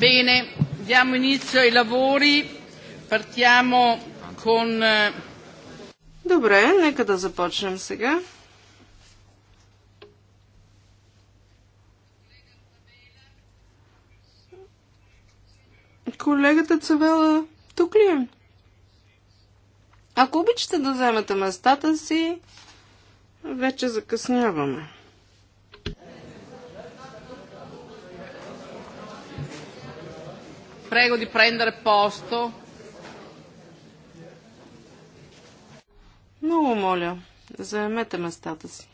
Bene, diamo inizio ai lavori. Partiamo con. Eh, Добре, нека да започнем сега. Колегата Цавела тук ли е? Ако обичате да вземете местата си, вече закъсняваме. Prego di prendere posto. Много моля, заемете местата си.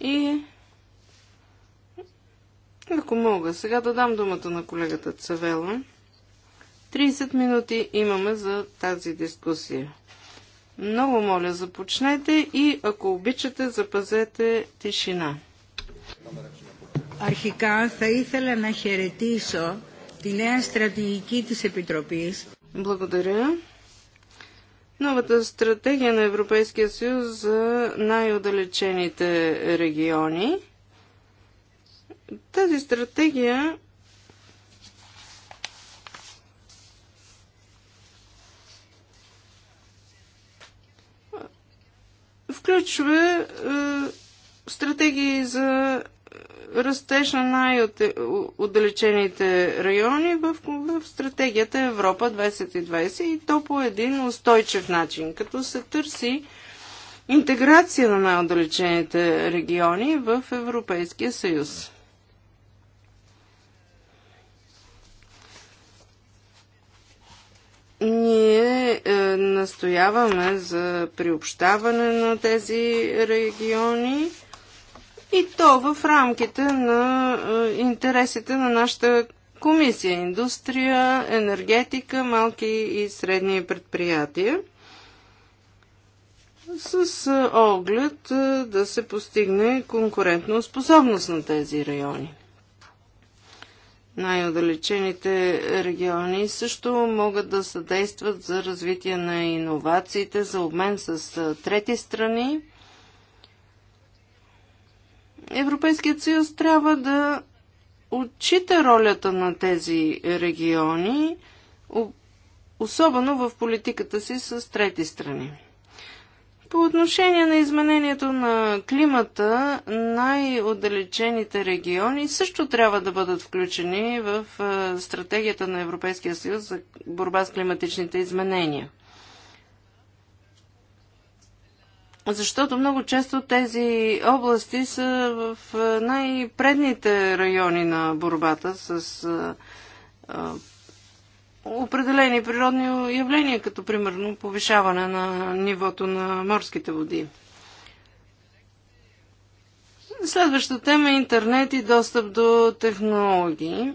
И ако мога, сега да дам думата на колегата Цавела. 30 минути имаме за тази дискусия. Много моля, започнете и ако обичате, запазете тишина. Добре. Αρχικά θα ήθελα να χαιρετήσω τη νέα στρατηγική της Επιτροπής. Благодаря. Новата стратегия на Европейския съюз за най-отдалечените региони. Тази стратегия включва е, стратегии за растеж на най-отдалечените райони в, в стратегията Европа 2020 и то по един устойчив начин, като се търси интеграция на най-отдалечените региони в Европейския съюз. Ние е, настояваме за приобщаване на тези региони и то в рамките на е, интересите на нашата комисия индустрия, енергетика, малки и средни предприятия с е, оглед е, да се постигне конкурентна способност на тези райони. Най-отдалечените региони също могат да съдействат за развитие на иновациите, за обмен с трети страни Европейският съюз трябва да отчита ролята на тези региони, особено в политиката си с трети страни. По отношение на изменението на климата, най-отдалечените региони също трябва да бъдат включени в стратегията на Европейския съюз за борба с климатичните изменения – защото много често тези области са в най-предните райони на борбата с а, а, определени природни явления, като примерно повишаване на нивото на морските води. Следващата тема е интернет и достъп до технологии.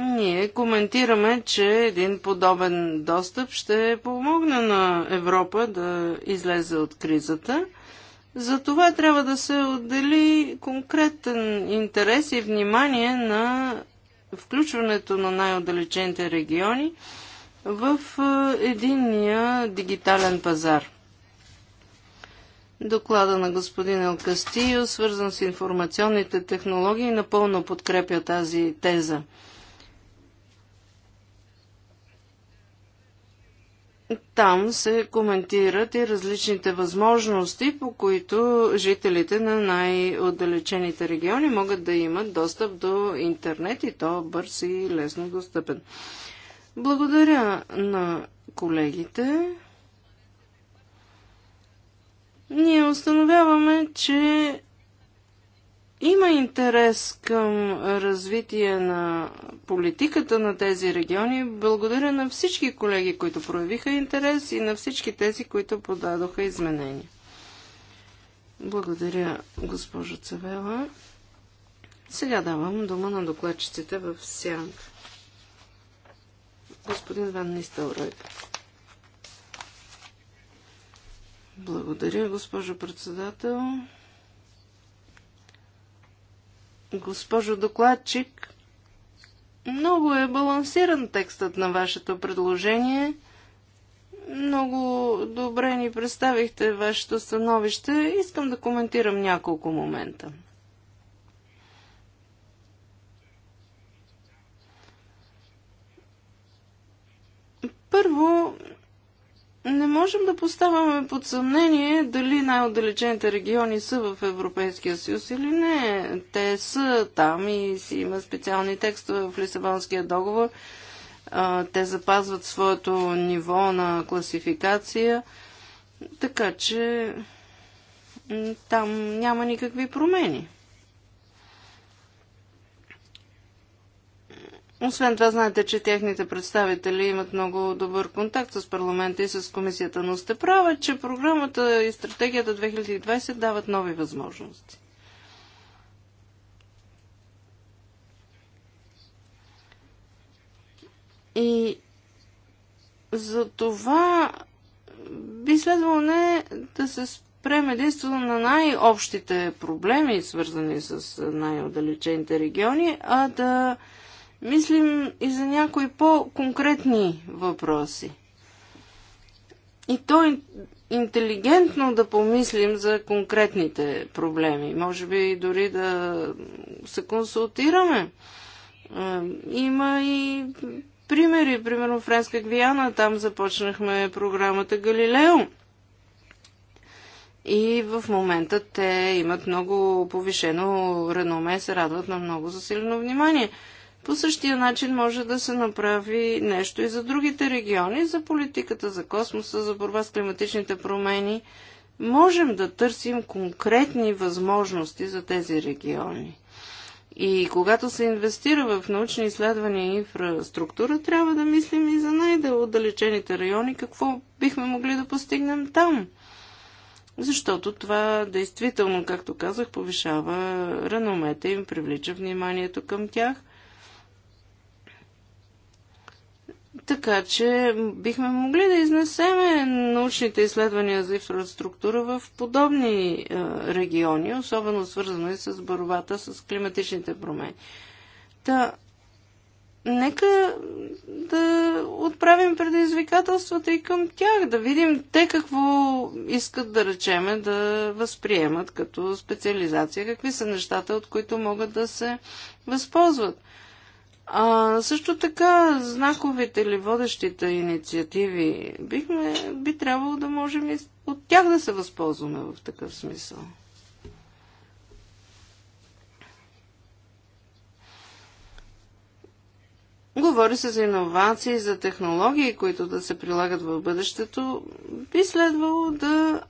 Ние коментираме, че един подобен достъп ще помогне на Европа да излезе от кризата. За това трябва да се отдели конкретен интерес и внимание на включването на най-отдалечените региони в е, единния дигитален пазар. Доклада на господин Елкастио, свързан с информационните технологии, напълно подкрепя тази теза. Там се коментират и различните възможности, по които жителите на най-отдалечените региони могат да имат достъп до интернет и то бърз и лесно достъпен. Благодаря на колегите. Ние установяваме, че има интерес към развитие на политиката на тези региони. Благодаря на всички колеги, които проявиха интерес и на всички тези, които подадоха изменения. Благодаря, госпожо Цавела. Сега давам дума на докладчиците в Сянка. Господин Ван Нистелройб. Благодаря, госпожо председател. Госпожо докладчик, много е балансиран текстът на вашето предложение. Много добре ни представихте вашето становище. Искам да коментирам няколко момента. Първо, не можем да поставяме под съмнение дали най-отдалечените региони са в Европейския съюз или не. Те са там и си има специални текстове в Лисабонския договор. Те запазват своето ниво на класификация, така че там няма никакви промени. Освен това, знаете, че техните представители имат много добър контакт с парламента и с комисията, но сте права, че програмата и стратегията 2020 дават нови възможности. И за това би следвало не да се спрем единствено на най-общите проблеми, свързани с най-отдалечените региони, а да мислим и за някои по-конкретни въпроси. И то е интелигентно да помислим за конкретните проблеми. Може би дори да се консултираме. Е, има и примери. Примерно Френска Гвиана, там започнахме програмата Галилео. И в момента те имат много повишено реноме, се радват на много засилено внимание. По същия начин може да се направи нещо и за другите региони, за политиката за космоса, за борба с климатичните промени. Можем да търсим конкретни възможности за тези региони. И когато се инвестира в научни изследвания и инфраструктура, трябва да мислим и за най-далечените райони, какво бихме могли да постигнем там. Защото това действително, както казах, повишава реномета им, привлича вниманието към тях Така че бихме могли да изнесеме научните изследвания за инфраструктура в подобни е, региони, особено свързано и с борбата с климатичните промени. Та, нека да отправим предизвикателствата и към тях, да видим те какво искат да речеме да възприемат като специализация, какви са нещата, от които могат да се възползват. А, също така, знаковите или водещите инициативи, бихме, би трябвало да можем и от тях да се възползваме в такъв смисъл. Говори се за иновации, за технологии, които да се прилагат в бъдещето. Би следвало да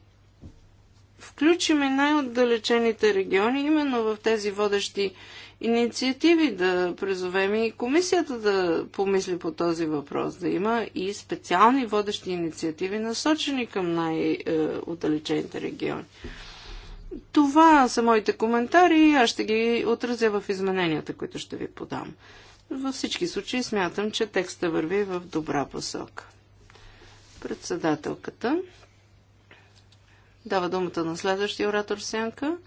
включим най-отдалечените региони, именно в тези водещи инициативи, да призовем и комисията да помисли по този въпрос, да има и специални водещи инициативи, насочени към най-отдалечените региони. Това са моите коментари, аз ще ги отразя в измененията, които ще ви подам. Във всички случаи смятам, че текста върви в добра посока. Председателката дава думата на следващия оратор Сянка –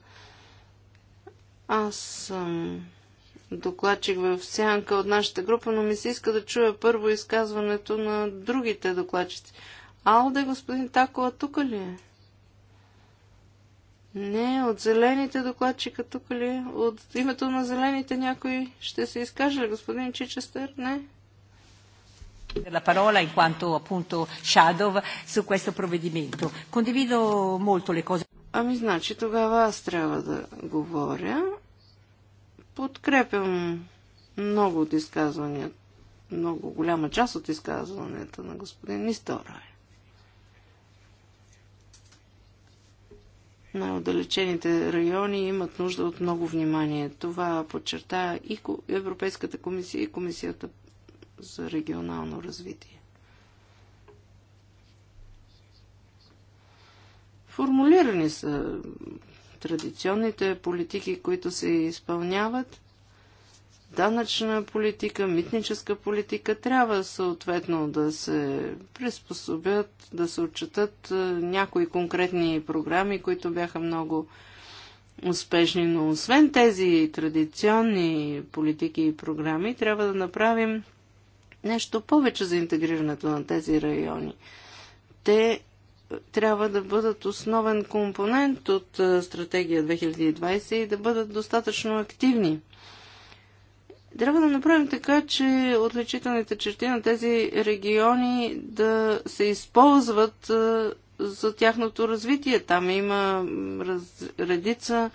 аз съм докладчик в сянка от нашата група, но ми се иска да чуя първо изказването на другите докладчици. Алде, господин Такова, тук ли е? Не, от зелените докладчика тук ли е? От името на зелените някой ще се изкаже ли, господин Чичестър? Не? la parola in quanto appunto shadow su questo provvedimento. Condivido molto le cose. Ами, значи, тогава аз трябва да говоря. Подкрепям много от изказванията, много голяма част от изказванията на господин Нисторай. най-отдалечените райони имат нужда от много внимание. Това подчертая и Европейската комисия и Комисията за регионално развитие. Формулирани са традиционните политики, които се изпълняват. Данъчна политика, митническа политика трябва съответно да се приспособят, да се отчитат е, някои конкретни програми, които бяха много успешни. Но освен тези традиционни политики и програми, трябва да направим нещо повече за интегрирането на тези райони. Те трябва да бъдат основен компонент от стратегия 2020 и да бъдат достатъчно активни. Трябва да направим така, че отличителните черти на тези региони да се използват за тяхното развитие. Там има раз, редица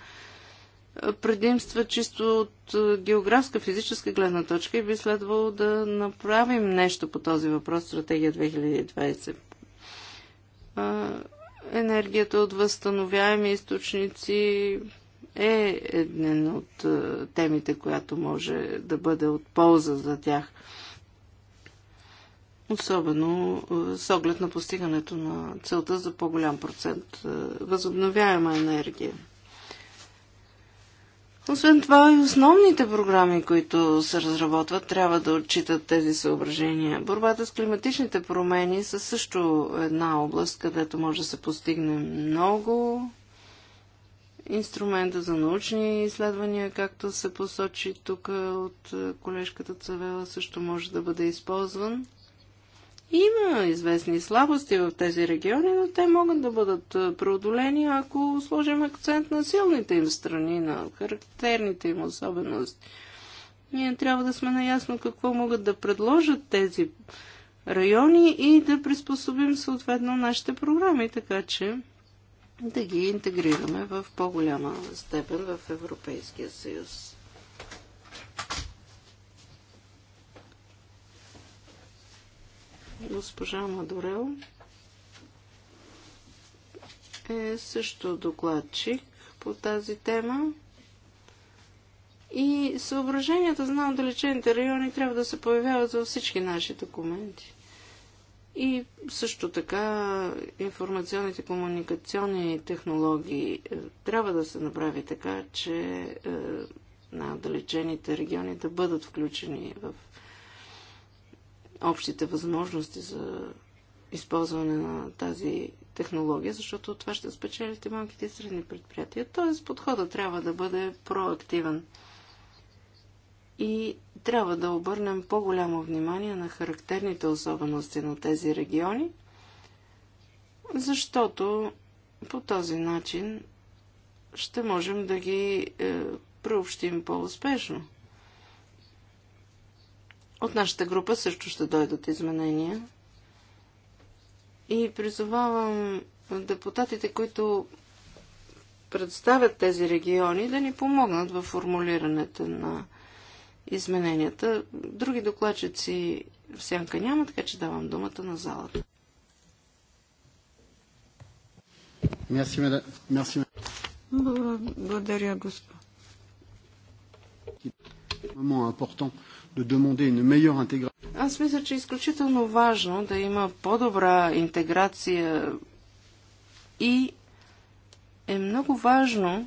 предимства чисто от географска, физическа гледна точка и би следвало да направим нещо по този въпрос, стратегия 2020 енергията от възстановяеми източници е една от темите, която може да бъде от полза за тях. Особено с оглед на постигането на целта за по-голям процент възобновяема енергия. Освен това и основните програми, които се разработват, трябва да отчитат тези съображения. Борбата с климатичните промени са също една област, където може да се постигне много. Инструмента за научни изследвания, както се посочи тук от колежката Цавела, също може да бъде използван. Има известни слабости в тези региони, но те могат да бъдат преодолени, ако сложим акцент на силните им страни, на характерните им особености. Ние трябва да сме наясно какво могат да предложат тези райони и да приспособим съответно нашите програми, така че да ги интегрираме в по-голяма степен в Европейския съюз. Госпожа Мадорел е също докладчик по тази тема. И съображенията за отдалечените райони трябва да се появяват за всички наши документи. И също така информационните комуникационни технологии е, трябва да се направи така, че е, на отдалечените региони да бъдат включени в общите възможности за използване на тази технология, защото това ще спечелите малките и средни предприятия. Т.е. подхода трябва да бъде проактивен. И трябва да обърнем по-голямо внимание на характерните особености на тези региони, защото по този начин ще можем да ги е, преобщим по-успешно. От нашата група също ще дойдат изменения. И призовавам депутатите, които представят тези региони, да ни помогнат в формулирането на измененията. Други докладчици в сянка няма, така че давам думата на залата. Благодаря, господин de demander une meilleure intégration. Аз мисля, че е изключително важно да има по-добра интеграция и е много важно е,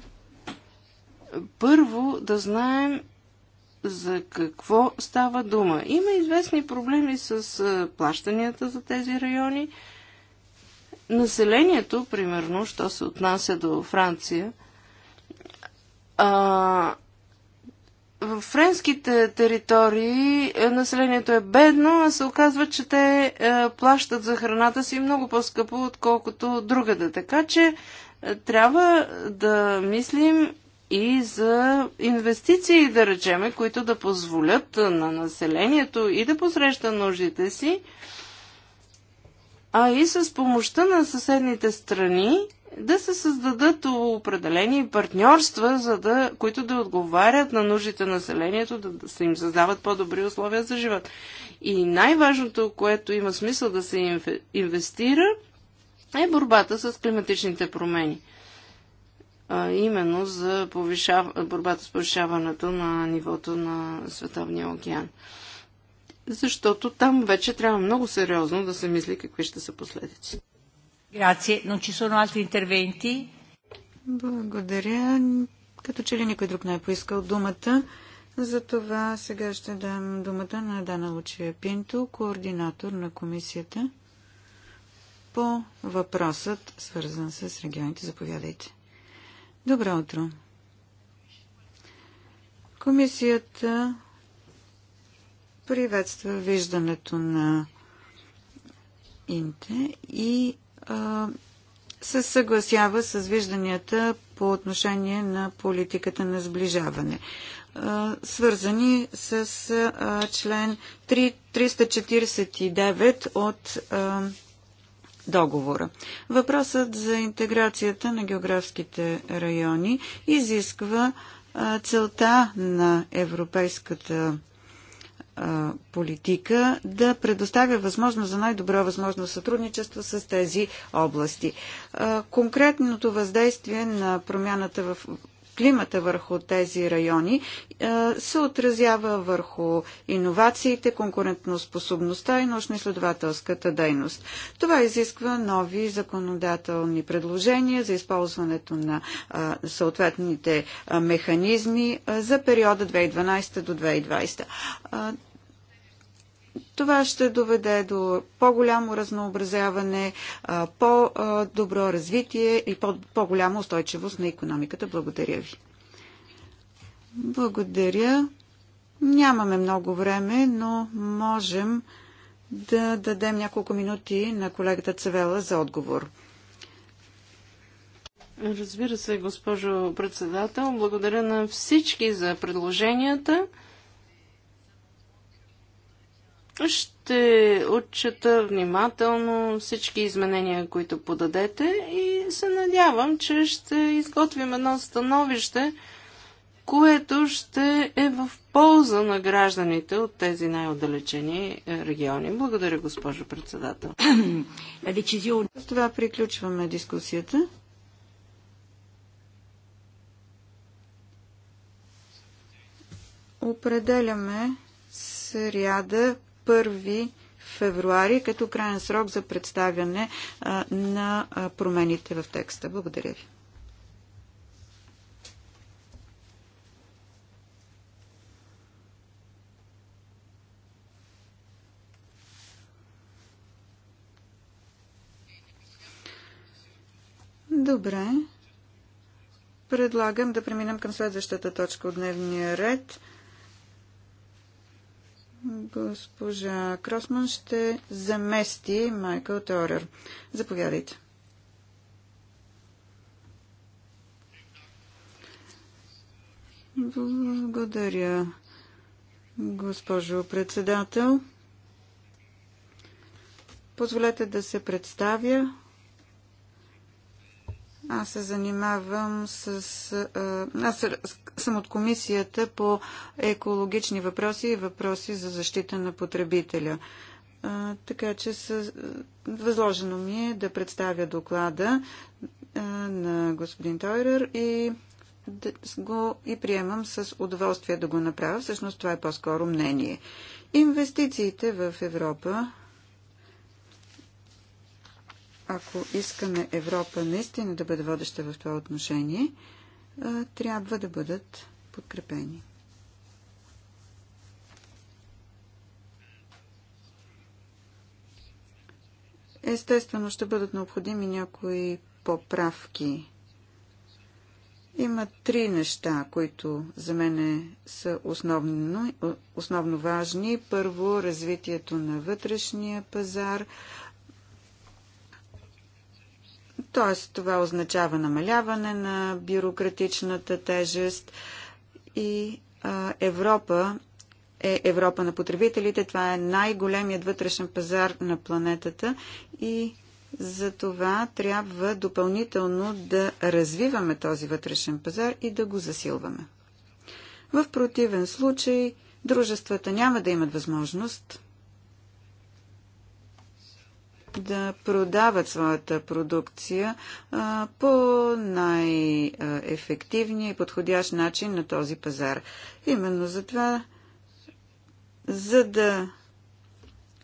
първо да знаем за какво става дума. Има известни проблеми с е, плащанията за тези райони. Населението, примерно, що се отнася до Франция, а, в френските територии е, населението е бедно, а се оказва, че те е, плащат за храната си много по-скъпо, отколкото другата. Така че е, трябва да мислим и за инвестиции, да речеме, които да позволят на населението и да посреща нуждите си, а и с помощта на съседните страни да се създадат определени партньорства, за да, които да отговарят на нуждите на населението, да, да се им създават по-добри условия за живот. И най-важното, което има смисъл да се инвестира, е борбата с климатичните промени. А, именно за повишав... борбата с повишаването на нивото на Световния океан. Защото там вече трябва много сериозно да се мисли какви ще са последиците. Грация. Но ci sono altri interventi? Благодаря. Като че ли никой друг не е поискал думата, затова сега ще дам думата на Дана Лучия Пинто, координатор на комисията по въпросът, свързан с регионите. Заповядайте. Добро утро. Комисията приветства виждането на Инте и се съгласява с вижданията по отношение на политиката на сближаване, свързани с член 349 от договора. Въпросът за интеграцията на географските райони изисква целта на европейската политика да предоставя възможност за най-добро възможно сътрудничество с тези области. конкретното въздействие на промяната в климата върху тези райони е, се отразява върху иновациите, конкурентоспособността и научно-изследователската дейност. Това изисква нови законодателни предложения за използването на е, съответните е, механизми за периода 2012 до 2020 това ще доведе до по-голямо разнообразяване, по-добро развитие и по-голяма устойчивост на економиката. Благодаря ви. Благодаря. Нямаме много време, но можем да дадем няколко минути на колегата Цевела за отговор. Разбира се, госпожо председател. Благодаря на всички за предложенията. Ще отчета внимателно всички изменения, които подадете и се надявам, че ще изготвим едно становище, което ще е в полза на гражданите от тези най-отдалечени е, региони. Благодаря, госпожо председател. С това приключваме дискусията. Определяме сряда 1 февруари като крайен срок за представяне на промените в текста. Благодаря ви. Добре. Предлагам да преминем към следващата точка от дневния ред. Госпожа Кросман ще замести Майкъл Торър. Заповядайте. Благодаря, госпожо председател. Позволете да се представя. Аз се занимавам с... Аз съм от комисията по екологични въпроси и въпроси за защита на потребителя. така че с, възложено ми е да представя доклада на господин Тойрер и да го и приемам с удоволствие да го направя. Всъщност това е по-скоро мнение. Инвестициите в Европа ако искаме Европа наистина да бъде водеща в това отношение, трябва да бъдат подкрепени. Естествено ще бъдат необходими някои поправки. Има три неща, които за мен са основно, основно важни. Първо, развитието на вътрешния пазар, т.е. това означава намаляване на бюрократичната тежест и а, Европа е Европа на потребителите. Това е най-големият вътрешен пазар на планетата и за това трябва допълнително да развиваме този вътрешен пазар и да го засилваме. В противен случай, дружествата няма да имат възможност да продават своята продукция а, по най-ефективния и подходящ начин на този пазар. Именно за това, за да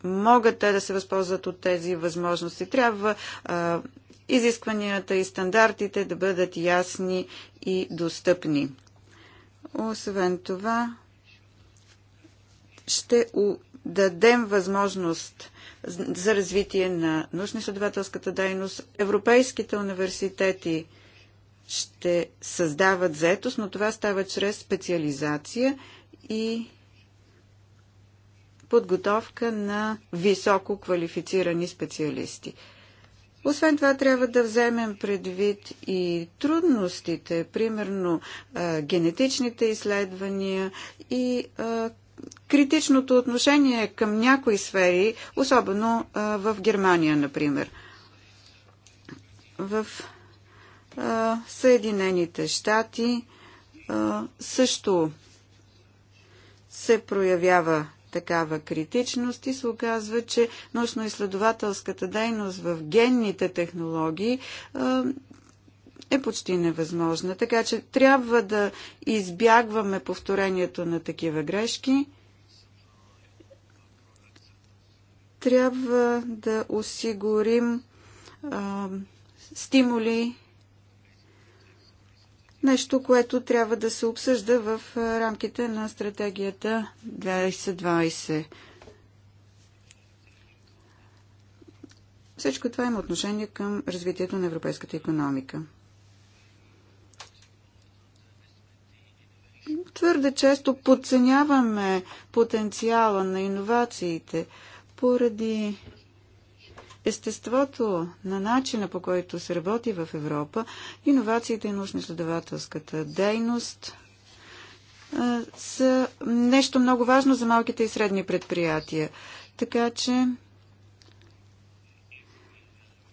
могат те да се възползват от тези възможности, трябва а, изискванията и стандартите да бъдат ясни и достъпни. Освен това, ще дадем възможност за развитие на научно-изследователската дейност. Европейските университети ще създават заетост, но това става чрез специализация и подготовка на високо квалифицирани специалисти. Освен това, трябва да вземем предвид и трудностите, примерно генетичните изследвания и критичното отношение към някои сфери, особено а, в Германия, например. В а, Съединените щати а, също се проявява такава критичност и се оказва, че научно-изследователската дейност в генните технологии е почти невъзможна. Така че трябва да избягваме повторението на такива грешки. Трябва да осигурим а, стимули, нещо, което трябва да се обсъжда в рамките на стратегията 2020. Всичко това има отношение към развитието на европейската економика. Твърде често подценяваме потенциала на иновациите поради естеството на начина по който се работи в Европа. Иновациите и научно-следователската дейност са нещо много важно за малките и средни предприятия. Така че,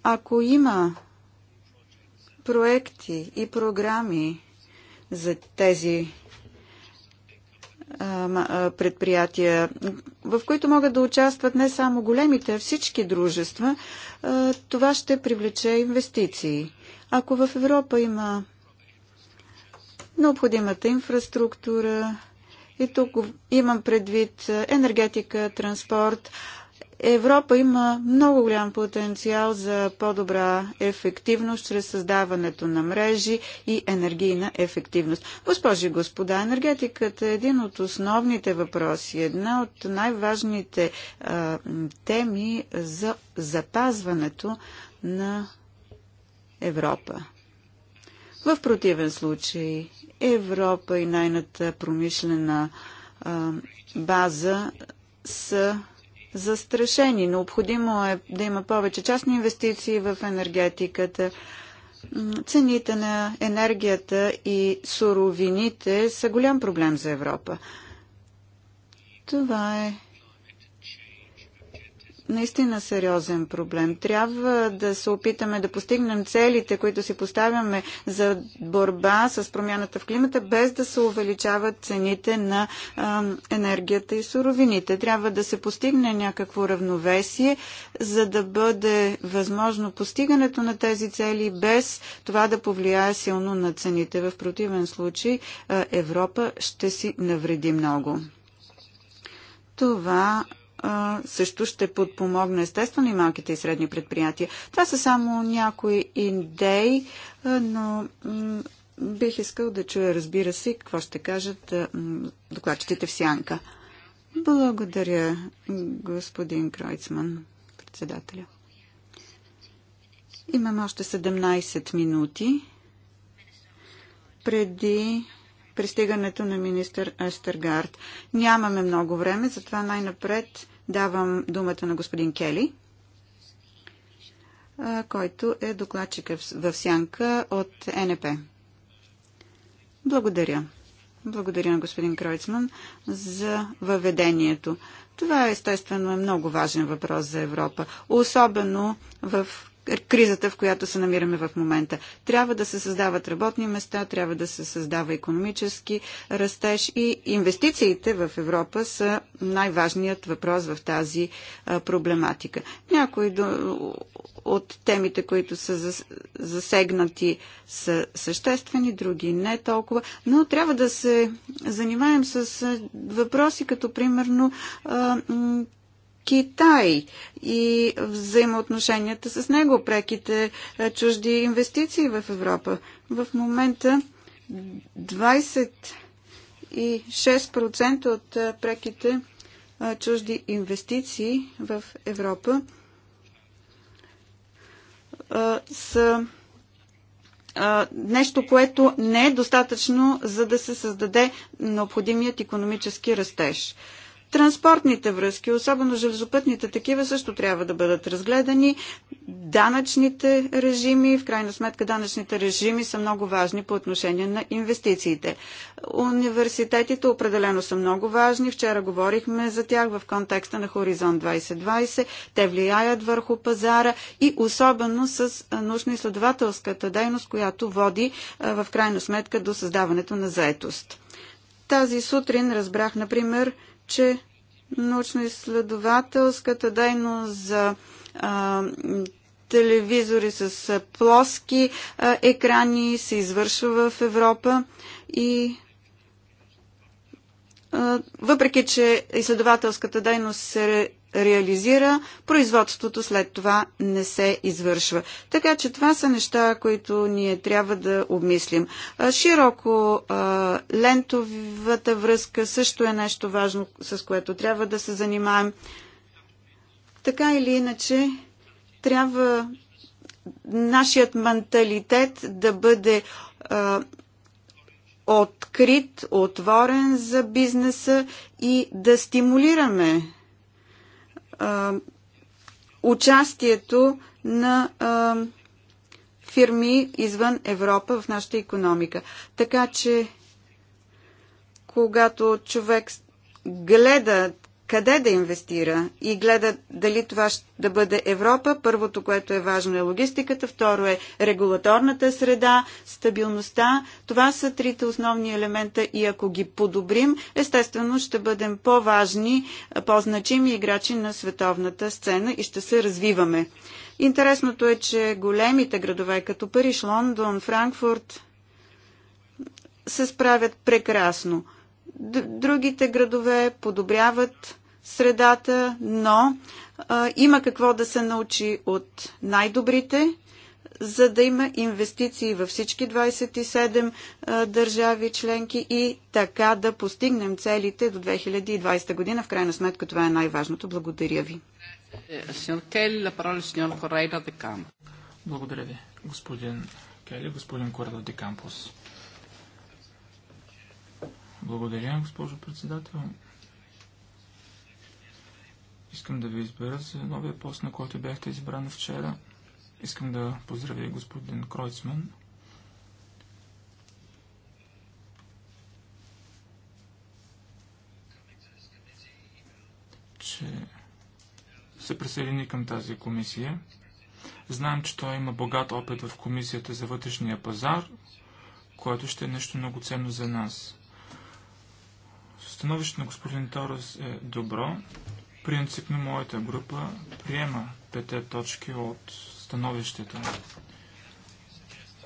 ако има проекти и програми за тези предприятия, в които могат да участват не само големите, а всички дружества, това ще привлече инвестиции. Ако в Европа има необходимата инфраструктура, и тук имам предвид енергетика, транспорт, Европа има много голям потенциал за по-добра ефективност чрез създаването на мрежи и енергийна ефективност. Госпожи и господа, енергетиката е един от основните въпроси, една от най-важните теми за запазването на Европа. В противен случай Европа и нейната промишлена а, база са застрашени. Необходимо е да има повече частни инвестиции в енергетиката. Цените на енергията и суровините са голям проблем за Европа. Това е наистина сериозен проблем. Трябва да се опитаме да постигнем целите, които си поставяме за борба с промяната в климата, без да се увеличават цените на а, енергията и суровините. Трябва да се постигне някакво равновесие, за да бъде възможно постигането на тези цели, без това да повлияе силно на цените. В противен случай а, Европа ще си навреди много. Това също ще подпомогне естествено и малките и средни предприятия. Това са само някои идеи, но бих искал да чуя, разбира се, какво ще кажат докладчетите в сянка. Благодаря, господин Кройцман, председателя. Имам още 17 минути преди пристигането на министър Естергард. Нямаме много време, затова най-напред Давам думата на господин Кели, който е докладчик в сянка от НП. Благодаря. Благодаря на господин Кройцман за въведението. Това естествено е много важен въпрос за Европа, особено в кризата, в която се намираме в момента. Трябва да се създават работни места, трябва да се създава економически растеж и инвестициите в Европа са най-важният въпрос в тази проблематика. Някои от темите, които са засегнати, са съществени, други не толкова, но трябва да се занимаем с въпроси като примерно Китай и взаимоотношенията с него, преките е, чужди инвестиции в Европа. В момента 26% от е, преките е, чужди инвестиции в Европа са нещо, което не е достатъчно, за да се създаде необходимият економически растеж. Транспортните връзки, особено железопътните такива, също трябва да бъдат разгледани. Данъчните режими, в крайна сметка данъчните режими са много важни по отношение на инвестициите. Университетите определено са много важни. Вчера говорихме за тях в контекста на Хоризонт 2020. Те влияят върху пазара и особено с научно-изследователската дейност, която води в крайна сметка до създаването на заетост. Тази сутрин разбрах, например, че научно-изследователската дейност за а, телевизори с плоски а, екрани се извършва в Европа и а, въпреки, че изследователската дейност се реализира, производството след това не се извършва. Така че това са неща, които ние трябва да обмислим. Широко лентовата връзка също е нещо важно, с което трябва да се занимаем. Така или иначе, трябва нашият менталитет да бъде открит, отворен за бизнеса и да стимулираме а, участието на а, фирми извън Европа в нашата економика. Така че, когато човек гледа къде да инвестира и гледа дали това ще да бъде Европа. Първото, което е важно е логистиката, второ е регулаторната среда, стабилността. Това са трите основни елемента и ако ги подобрим, естествено ще бъдем по-важни, по-значими играчи на световната сцена и ще се развиваме. Интересното е, че големите градове като Париж, Лондон, Франкфурт се справят прекрасно. Другите градове подобряват средата, но а, има какво да се научи от най-добрите, за да има инвестиции във всички 27 а, държави членки и така да постигнем целите до 2020 година. В крайна сметка това е най-важното. Благодаря ви. Е Благодаря ви, господин Кели, господин Корадо де Кампус. Благодаря, госпожо председател. Искам да ви избера за новия пост, на който бяхте избран вчера. Искам да поздравя господин Кройцман. че се присъедини към тази комисия. Знаем, че той има богат опит в комисията за вътрешния пазар, което ще е нещо много ценно за нас. Становището на господин Торос е добро. Принципно моята група приема пете точки от становището.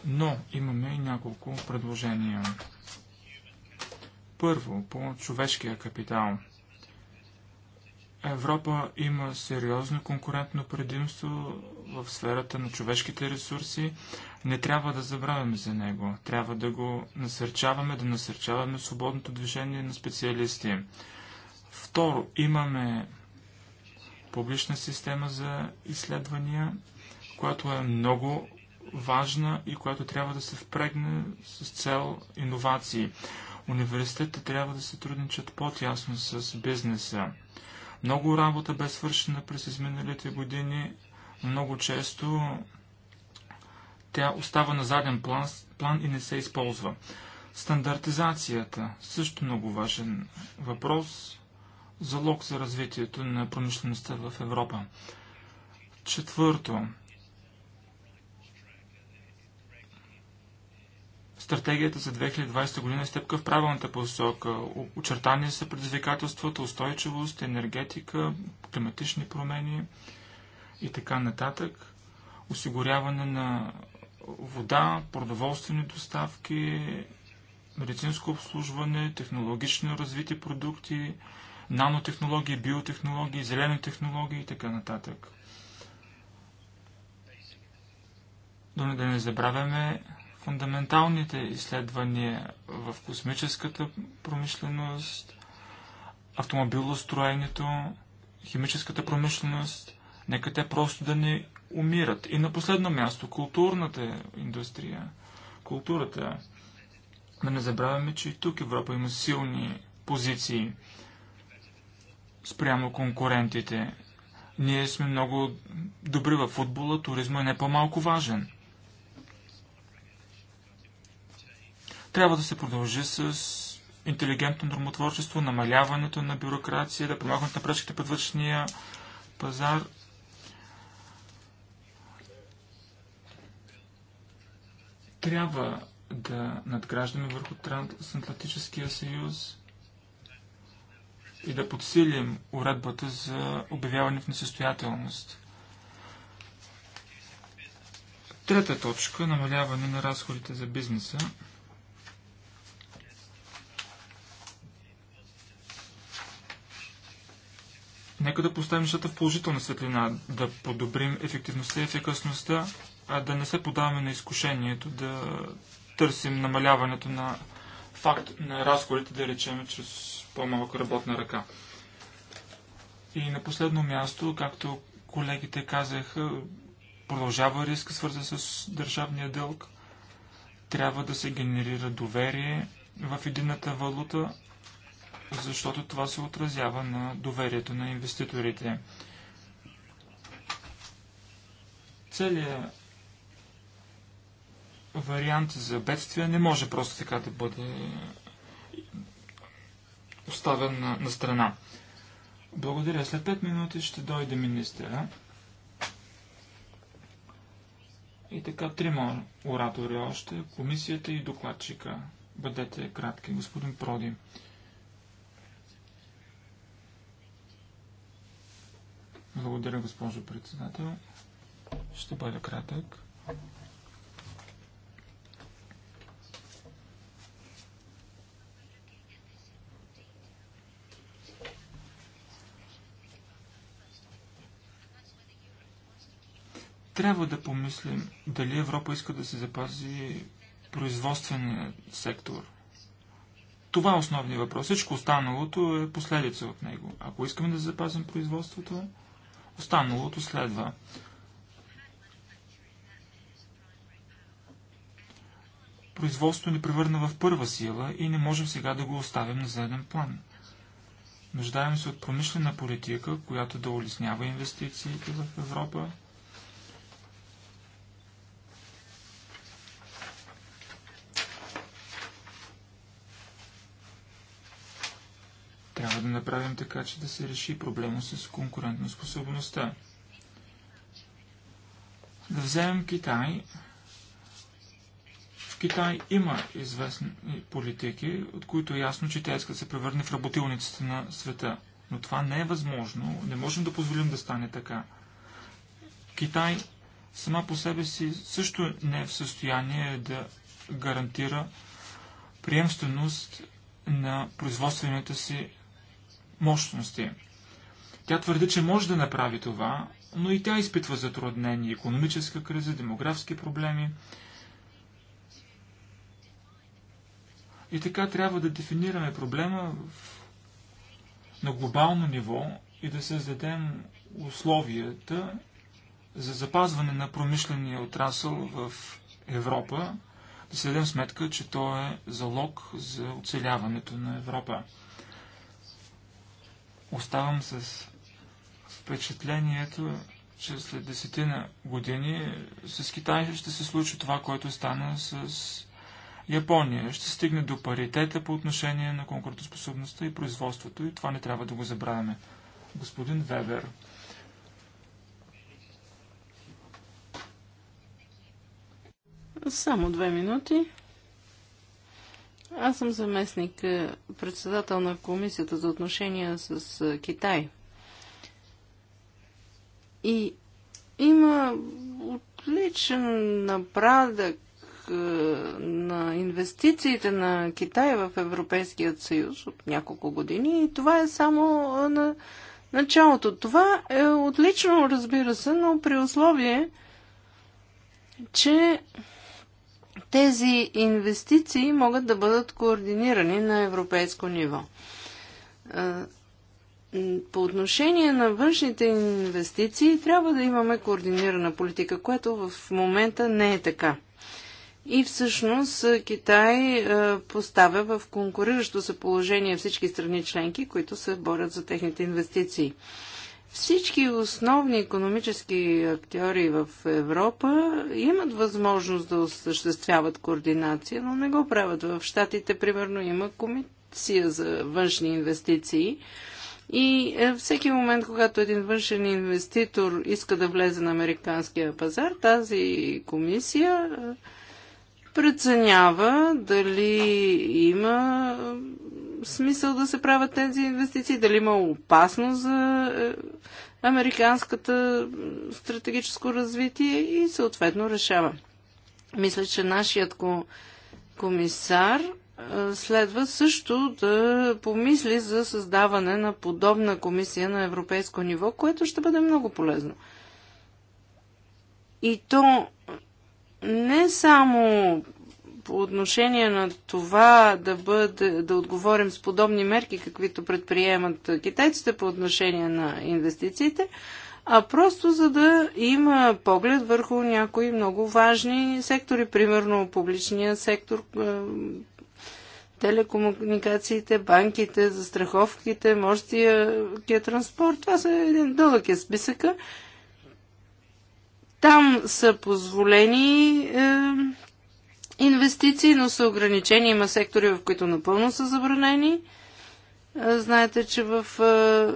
Но имаме и няколко предложения. Първо, по човешкия капитал. Европа има сериозно конкурентно предимство в сферата на човешките ресурси. Не трябва да забравяме за него. Трябва да го насърчаваме, да насърчаваме свободното движение на специалисти. Второ, имаме публична система за изследвания, която е много важна и която трябва да се впрегне с цел иновации. Университетите трябва да се трудничат по-тясно с бизнеса. Много работа бе свършена през изминалите години, много често тя остава на заден план, план и не се използва. Стандартизацията също много важен въпрос залог за развитието на промишлеността в Европа. Четвърто, Стратегията за 2020 година е стъпка в правилната посока. Очертани са предизвикателствата, устойчивост, енергетика, климатични промени и така нататък. Осигуряване на вода, продоволствени доставки, медицинско обслужване, технологично развити продукти, нанотехнологии, биотехнологии, зелени технологии и така нататък. Но да не забравяме фундаменталните изследвания в космическата промишленост, автомобилостроението, химическата промишленост. Нека те просто да не умират. И на последно място, културната индустрия. Културата. Да не забравяме, че и тук Европа има силни позиции спрямо конкурентите. Ние сме много добри в футбола, туризма е не по-малко важен. Трябва да се продължи с интелигентно нормотворчество, намаляването на бюрокрация, да помагат на пречките пред вътрешния пазар. Трябва да надграждаме върху Трансатлантическия съюз и да подсилим уредбата за обявяване в несъстоятелност. Трета точка – намаляване на разходите за бизнеса. Нека да поставим нещата в положителна светлина, да подобрим ефективността и ефикасността, а да не се подаваме на изкушението да търсим намаляването на факт на разходите, да речем, чрез по-малка работна ръка. И на последно място, както колегите казаха, продължава риска, свързан с държавния дълг. Трябва да се генерира доверие в едината валута, защото това се отразява на доверието на инвеститорите. Целият вариант за бедствие не може просто така да бъде оставен на, на страна. Благодаря. След 5 минути ще дойде министъра. И така, трима оратори още, комисията и докладчика. Бъдете кратки, господин Проди. Благодаря, госпожо председател. Ще бъда кратък. Трябва да помислим дали Европа иска да се запази производствения сектор. Това е основният въпрос. Всичко останалото е последица от него. Ако искаме да запазим производството, останалото следва. Производството ни превърна в първа сила и не можем сега да го оставим на заден план. Нуждаем се от промишлена политика, която да улеснява инвестициите в Европа, Трябва да направим така, че да се реши проблема с конкурентоспособността. Да вземем Китай. В Китай има известни политики, от които е ясно, че те искат да се превърне в работилницата на света. Но това не е възможно. Не можем да позволим да стане така. Китай сама по себе си също не е в състояние да гарантира приемственост на производствената си мощности. Тя твърди, че може да направи това, но и тя изпитва затруднения, економическа криза, демографски проблеми. И така трябва да дефинираме проблема в... на глобално ниво и да създадем условията за запазване на промишления отрасъл в Европа, да се дадем сметка, че то е залог за оцеляването на Европа оставам с впечатлението, че след десетина години с Китай ще се случи това, което стана с Япония. Ще стигне до паритета по отношение на конкурентоспособността и производството и това не трябва да го забравяме. Господин Вебер. Само две минути. Аз съм заместник е, председател на Комисията за отношения с е, Китай. И има отличен напредък е, на инвестициите на Китай в Европейският съюз от няколко години и това е само на началото. Това е отлично, разбира се, но при условие, че тези инвестиции могат да бъдат координирани на европейско ниво. По отношение на външните инвестиции трябва да имаме координирана политика, което в момента не е така. И всъщност Китай поставя в конкуриращо се положение всички страни членки, които се борят за техните инвестиции. Всички основни економически актьори в Европа имат възможност да осъществяват координация, но не го правят. В Штатите, примерно, има комисия за външни инвестиции. И е, всеки момент, когато един външен инвеститор иска да влезе на американския пазар, тази комисия е, преценява дали има смисъл да се правят тези инвестиции, дали има опасност за е, американската стратегическо развитие и съответно решава. Мисля, че нашият комисар е, следва също да помисли за създаване на подобна комисия на европейско ниво, което ще бъде много полезно. И то не само по отношение на това да, бъде, да отговорим с подобни мерки, каквито предприемат китайците по отношение на инвестициите, а просто за да има поглед върху някои много важни сектори, примерно публичния сектор, е, телекомуникациите, банките, застраховките, морския транспорт. Това са един дълъг е списъка. Там са позволени е, инвестиции, но са ограничени. Има сектори, в които напълно са забранени. Знаете, че в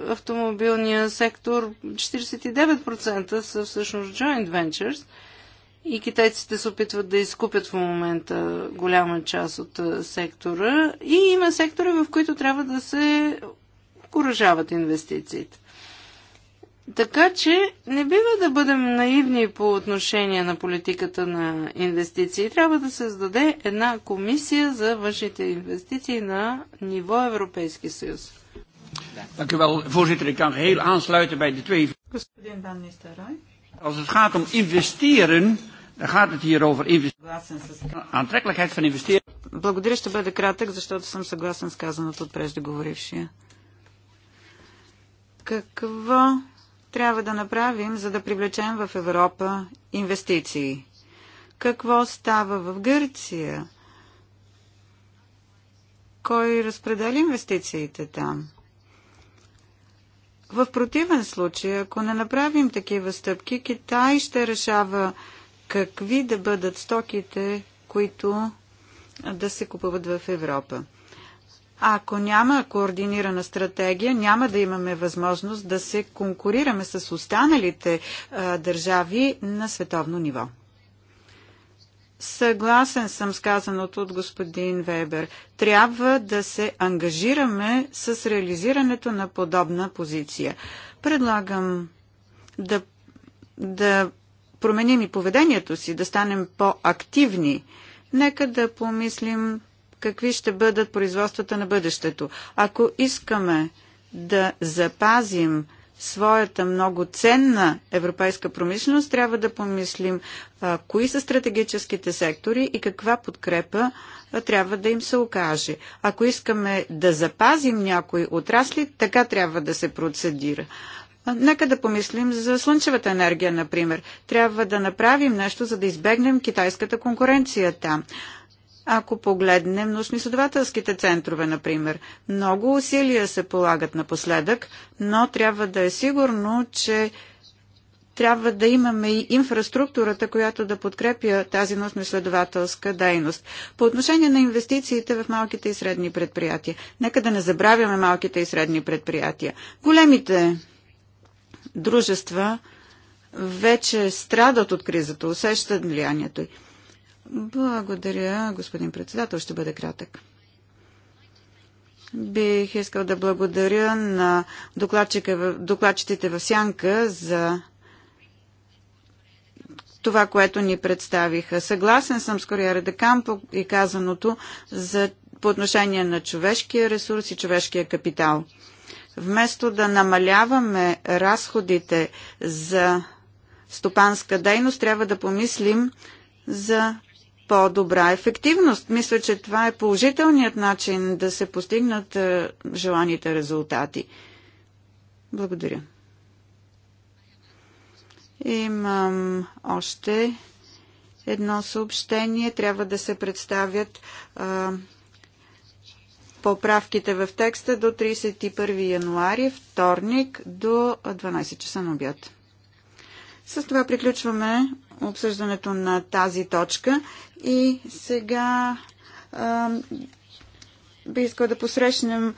автомобилния сектор 49% са всъщност joint ventures и китайците се опитват да изкупят в момента голяма част от сектора. И има сектори, в които трябва да се окоръжават инвестициите. Така че не бива да бъдем наивни по отношение на политиката на инвестиции. Трябва да се създаде една комисия за външните инвестиции на ниво Европейски съюз. voorzitter. Ik kan aansluiten bij de twee. Als het gaat om investeren, dan gaat het hier over Aantrekkelijkheid van investeren. Благодаря, ще бъде кратък, защото съм съгласен с казаното от преждеговорившия. Какво трябва да направим, за да привлечем в Европа инвестиции? Какво става в Гърция? Кой разпределя инвестициите там? В противен случай, ако не направим такива стъпки, Китай ще решава какви да бъдат стоките, които да се купуват в Европа. Ако няма координирана стратегия, няма да имаме възможност да се конкурираме с останалите а, държави на световно ниво. Съгласен съм с казаното от господин Вебер. Трябва да се ангажираме с реализирането на подобна позиция. Предлагам да, да променим и поведението си, да станем по-активни. Нека да помислим какви ще бъдат производствата на бъдещето. Ако искаме да запазим своята много ценна европейска промишленост, трябва да помислим а, кои са стратегическите сектори и каква подкрепа а, трябва да им се окаже. Ако искаме да запазим някои отрасли, така трябва да се процедира. нека да помислим за слънчевата енергия, например. Трябва да направим нещо, за да избегнем китайската конкуренция там. Ако погледнем научно-изследователските центрове, например, много усилия се полагат напоследък, но трябва да е сигурно, че трябва да имаме и инфраструктурата, която да подкрепя тази научно-изследователска дейност. По отношение на инвестициите в малките и средни предприятия, нека да не забравяме малките и средни предприятия. Големите дружества вече страдат от кризата, усещат влиянието й. Благодаря, господин председател. Ще бъде кратък. Бих искал да благодаря на докладчиците в Сянка за това, което ни представиха. Съгласен съм с Кориера де Кампо и казаното за, по отношение на човешкия ресурс и човешкия капитал. Вместо да намаляваме разходите за стопанска дейност, трябва да помислим за по-добра ефективност. Мисля, че това е положителният начин да се постигнат е, желаните резултати. Благодаря. Имам още едно съобщение. Трябва да се представят а, е, поправките в текста до 31 януари, вторник до 12 часа на обяд. С това приключваме обсъждането на тази точка. И сега а, би искал да посрещнем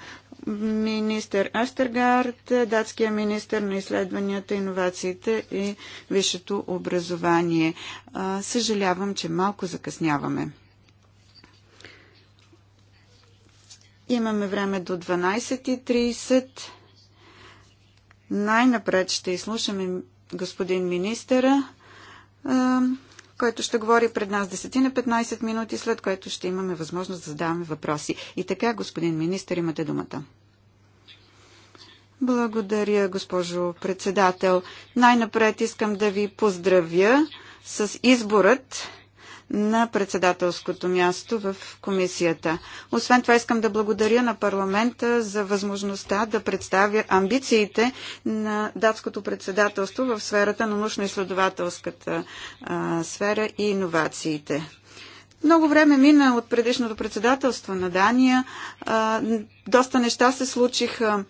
министър Астергард, датския министър на изследванията, иновациите и висшето образование. А, съжалявам, че малко закъсняваме. Имаме време до 12.30. Най-напред ще изслушаме господин министъра който ще говори пред нас 10 на 15 минути, след което ще имаме възможност да задаваме въпроси. И така, господин министр, имате думата. Благодаря, госпожо председател. Най-напред искам да ви поздравя с изборът на председателското място в комисията. Освен това искам да благодаря на парламента за възможността да представя амбициите на датското председателство в сферата на научно-изследователската сфера и иновациите. Много време мина от предишното председателство на Дания. Доста неща се случиха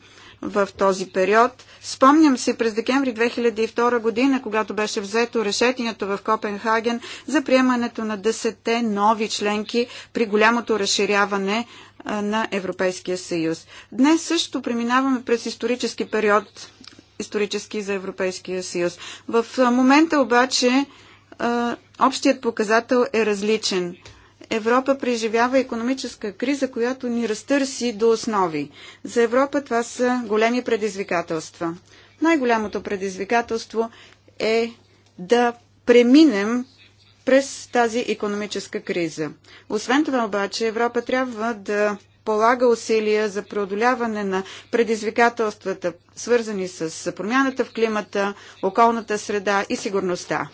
в този период. Спомням си през декември 2002 година, когато беше взето решението в Копенхаген за приемането на 10 нови членки при голямото разширяване на Европейския съюз. Днес също преминаваме през исторически период, исторически за Европейския съюз. В момента обаче общият показател е различен. Европа преживява економическа криза, която ни разтърси до основи. За Европа това са големи предизвикателства. Най-голямото предизвикателство е да преминем през тази економическа криза. Освен това обаче, Европа трябва да полага усилия за преодоляване на предизвикателствата, свързани с промяната в климата, околната среда и сигурността.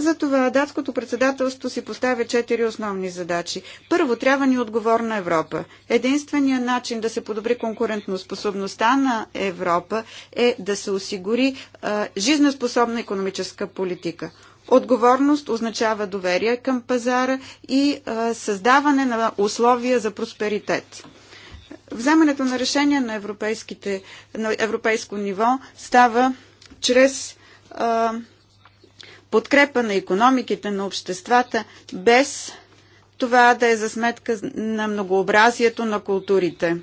Затова датското председателство си поставя четири основни задачи. Първо, трябва ни отговорна Европа. Единственият начин да се подобри конкурентноспособността на Европа е да се осигури а, жизнеспособна економическа политика. Отговорност означава доверие към пазара и а, създаване на условия за просперитет. Вземането на решения на, на европейско ниво става чрез а, подкрепа на економиките, на обществата, без това да е за сметка на многообразието на културите.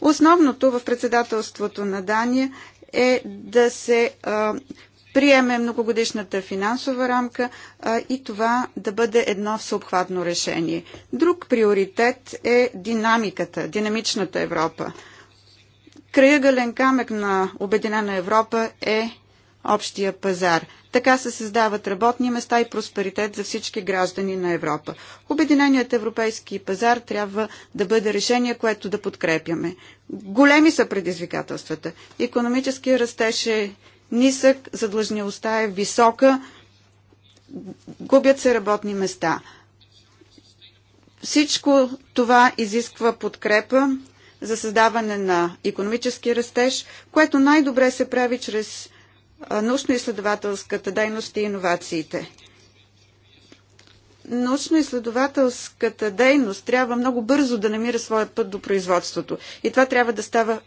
Основното в председателството на Дания е да се а, приеме многогодишната финансова рамка а, и това да бъде едно всеобхватно решение. Друг приоритет е динамиката, динамичната Европа. Краягален камък на Обединена Европа е общия пазар. Така се създават работни места и просперитет за всички граждани на Европа. Обединеният европейски пазар трябва да бъде решение, което да подкрепяме. Големи са предизвикателствата. Економическия растеж е нисък, задлъжнялостта е висока, губят се работни места. Всичко това изисква подкрепа за създаване на економически растеж, което най-добре се прави чрез научно-изследователската дейност и иновациите. Научно-изследователската дейност трябва много бързо да намира своя път до производството. И това трябва да става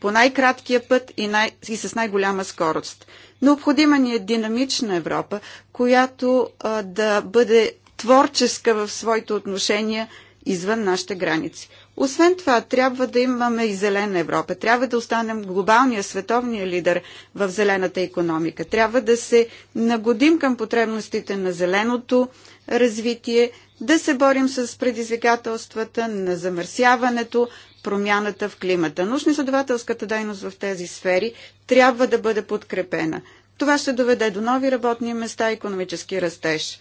по най-краткия път и, най- и с най-голяма скорост. Необходима ни е динамична Европа, която а, да бъде творческа в своите отношения извън нашите граници. Освен това, трябва да имаме и зелена Европа. Трябва да останем глобалния, световния лидер в зелената економика. Трябва да се нагодим към потребностите на зеленото развитие, да се борим с предизвикателствата на замърсяването, промяната в климата. Научно-изследователската дейност в тези сфери трябва да бъде подкрепена. Това ще доведе до нови работни места и економически растеж.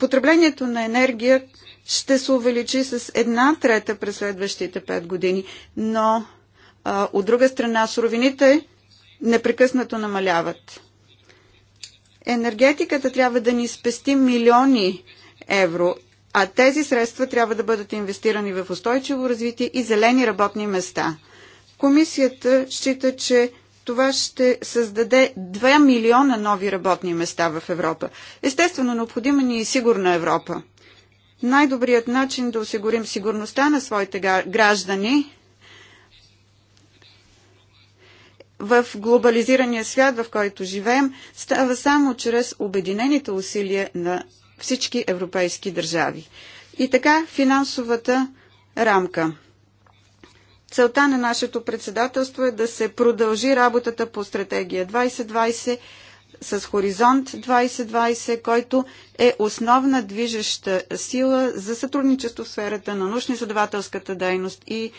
Потреблението на енергия ще се увеличи с една трета през следващите 5 години, но а, от друга страна суровините непрекъснато намаляват. Енергетиката трябва да ни спести милиони евро, а тези средства трябва да бъдат инвестирани в устойчиво развитие и зелени работни места. Комисията счита, че това ще създаде 2 милиона нови работни места в Европа. Естествено, необходима ни е сигурна Европа най-добрият начин да осигурим сигурността на своите граждани в глобализирания свят, в който живеем, става само чрез обединените усилия на всички европейски държави. И така финансовата рамка. Целта на нашето председателство е да се продължи работата по стратегия 2020 с Хоризонт 2020, който е основна движеща сила за сътрудничество в сферата на научно-изследователската дейност и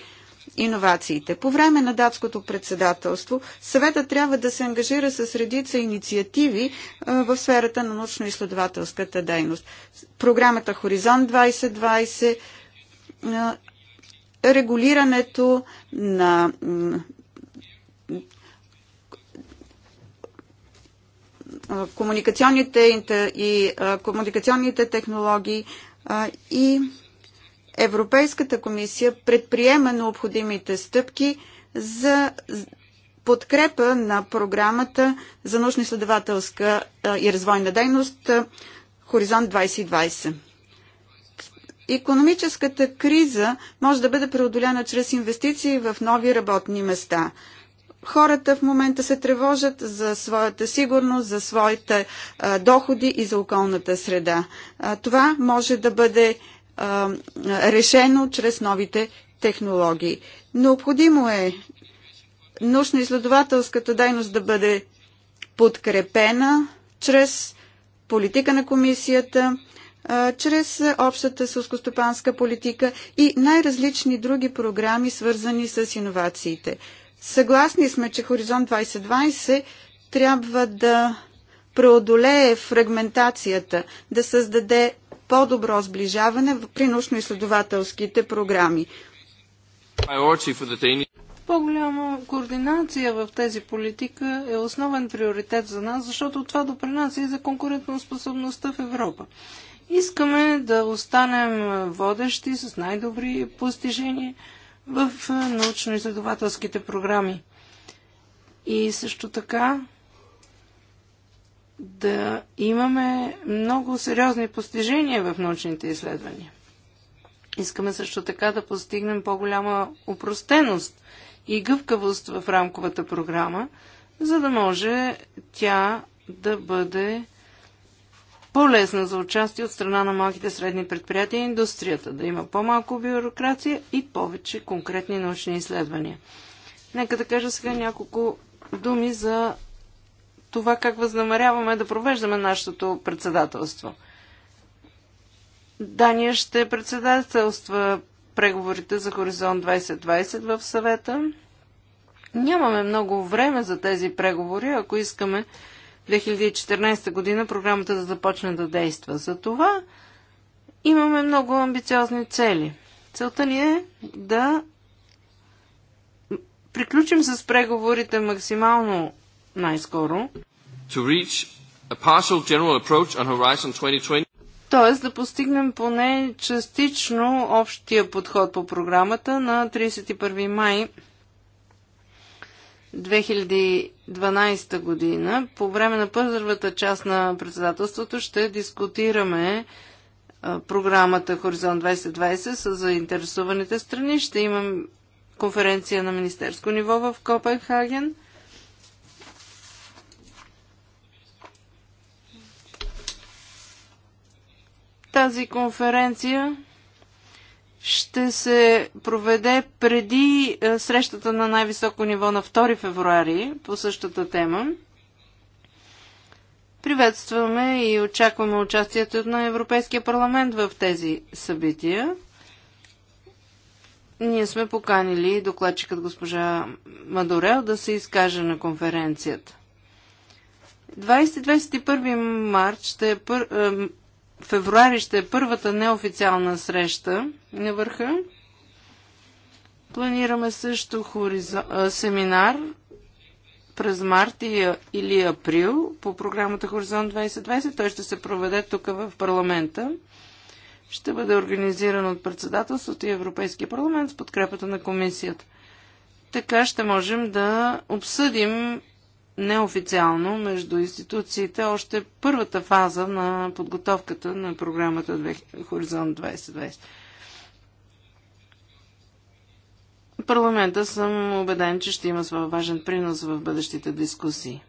иновациите. По време на датското председателство съвета трябва да се ангажира с редица инициативи в сферата на научно-изследователската дейност. Програмата Хоризонт 2020, регулирането на комуникационните и комуникационните технологии и Европейската комисия предприема необходимите стъпки за подкрепа на програмата за научно-изследователска и развойна дейност Хоризонт 2020. Економическата криза може да бъде преодоляна чрез инвестиции в нови работни места – хората в момента се тревожат за своята сигурност, за своите а, доходи и за околната среда. А, това може да бъде а, решено чрез новите технологии. Необходимо е научно-изследователската дейност да бъде подкрепена чрез политика на комисията, чрез общата сълскостопанска политика и най-различни други програми, свързани с иновациите. Съгласни сме, че Хоризонт 2020 трябва да преодолее фрагментацията, да създаде по-добро сближаване при научно-изследователските програми. По-голяма координация в тези политика е основен приоритет за нас, защото това допринася и за конкурентоспособността в Европа. Искаме да останем водещи с най-добри постижения, в научно-изследователските програми. И също така да имаме много сериозни постижения в научните изследвания. Искаме също така да постигнем по-голяма упростеност и гъвкавост в рамковата програма, за да може тя да бъде по-лесна за участие от страна на малките средни предприятия и индустрията, да има по-малко бюрокрация и повече конкретни научни изследвания. Нека да кажа сега няколко думи за това как възнамеряваме да провеждаме нашето председателство. Дания ще председателства преговорите за Хоризонт 2020 в съвета. Нямаме много време за тези преговори, ако искаме 2014 година програмата да започне да действа. За това имаме много амбициозни цели. Целта ни е да приключим с преговорите максимално най-скоро. Т.е. да постигнем поне частично общия подход по програмата на 31 май 2012 година, по време на първата част на председателството ще дискутираме програмата Хоризонт 2020 с заинтересованите страни. Ще имам конференция на министерско ниво в Копенхаген. Тази конференция ще се проведе преди е, срещата на най-високо ниво на 2 февруари по същата тема. Приветстваме и очакваме участието на Европейския парламент в тези събития. Ние сме поканили докладчикът госпожа Мадорел да се изкаже на конференцията. 20-21 март ще е пър, е, февруари ще е първата неофициална среща на върха. Планираме също хоризо... семинар през март или април по програмата Хоризонт 2020. Той ще се проведе тук в парламента. Ще бъде организиран от председателството и Европейския парламент с подкрепата на комисията. Така ще можем да обсъдим неофициално между институциите още първата фаза на подготовката на програмата Хоризонт 2020. Парламента съм убеден, че ще има своя важен принос в бъдещите дискусии.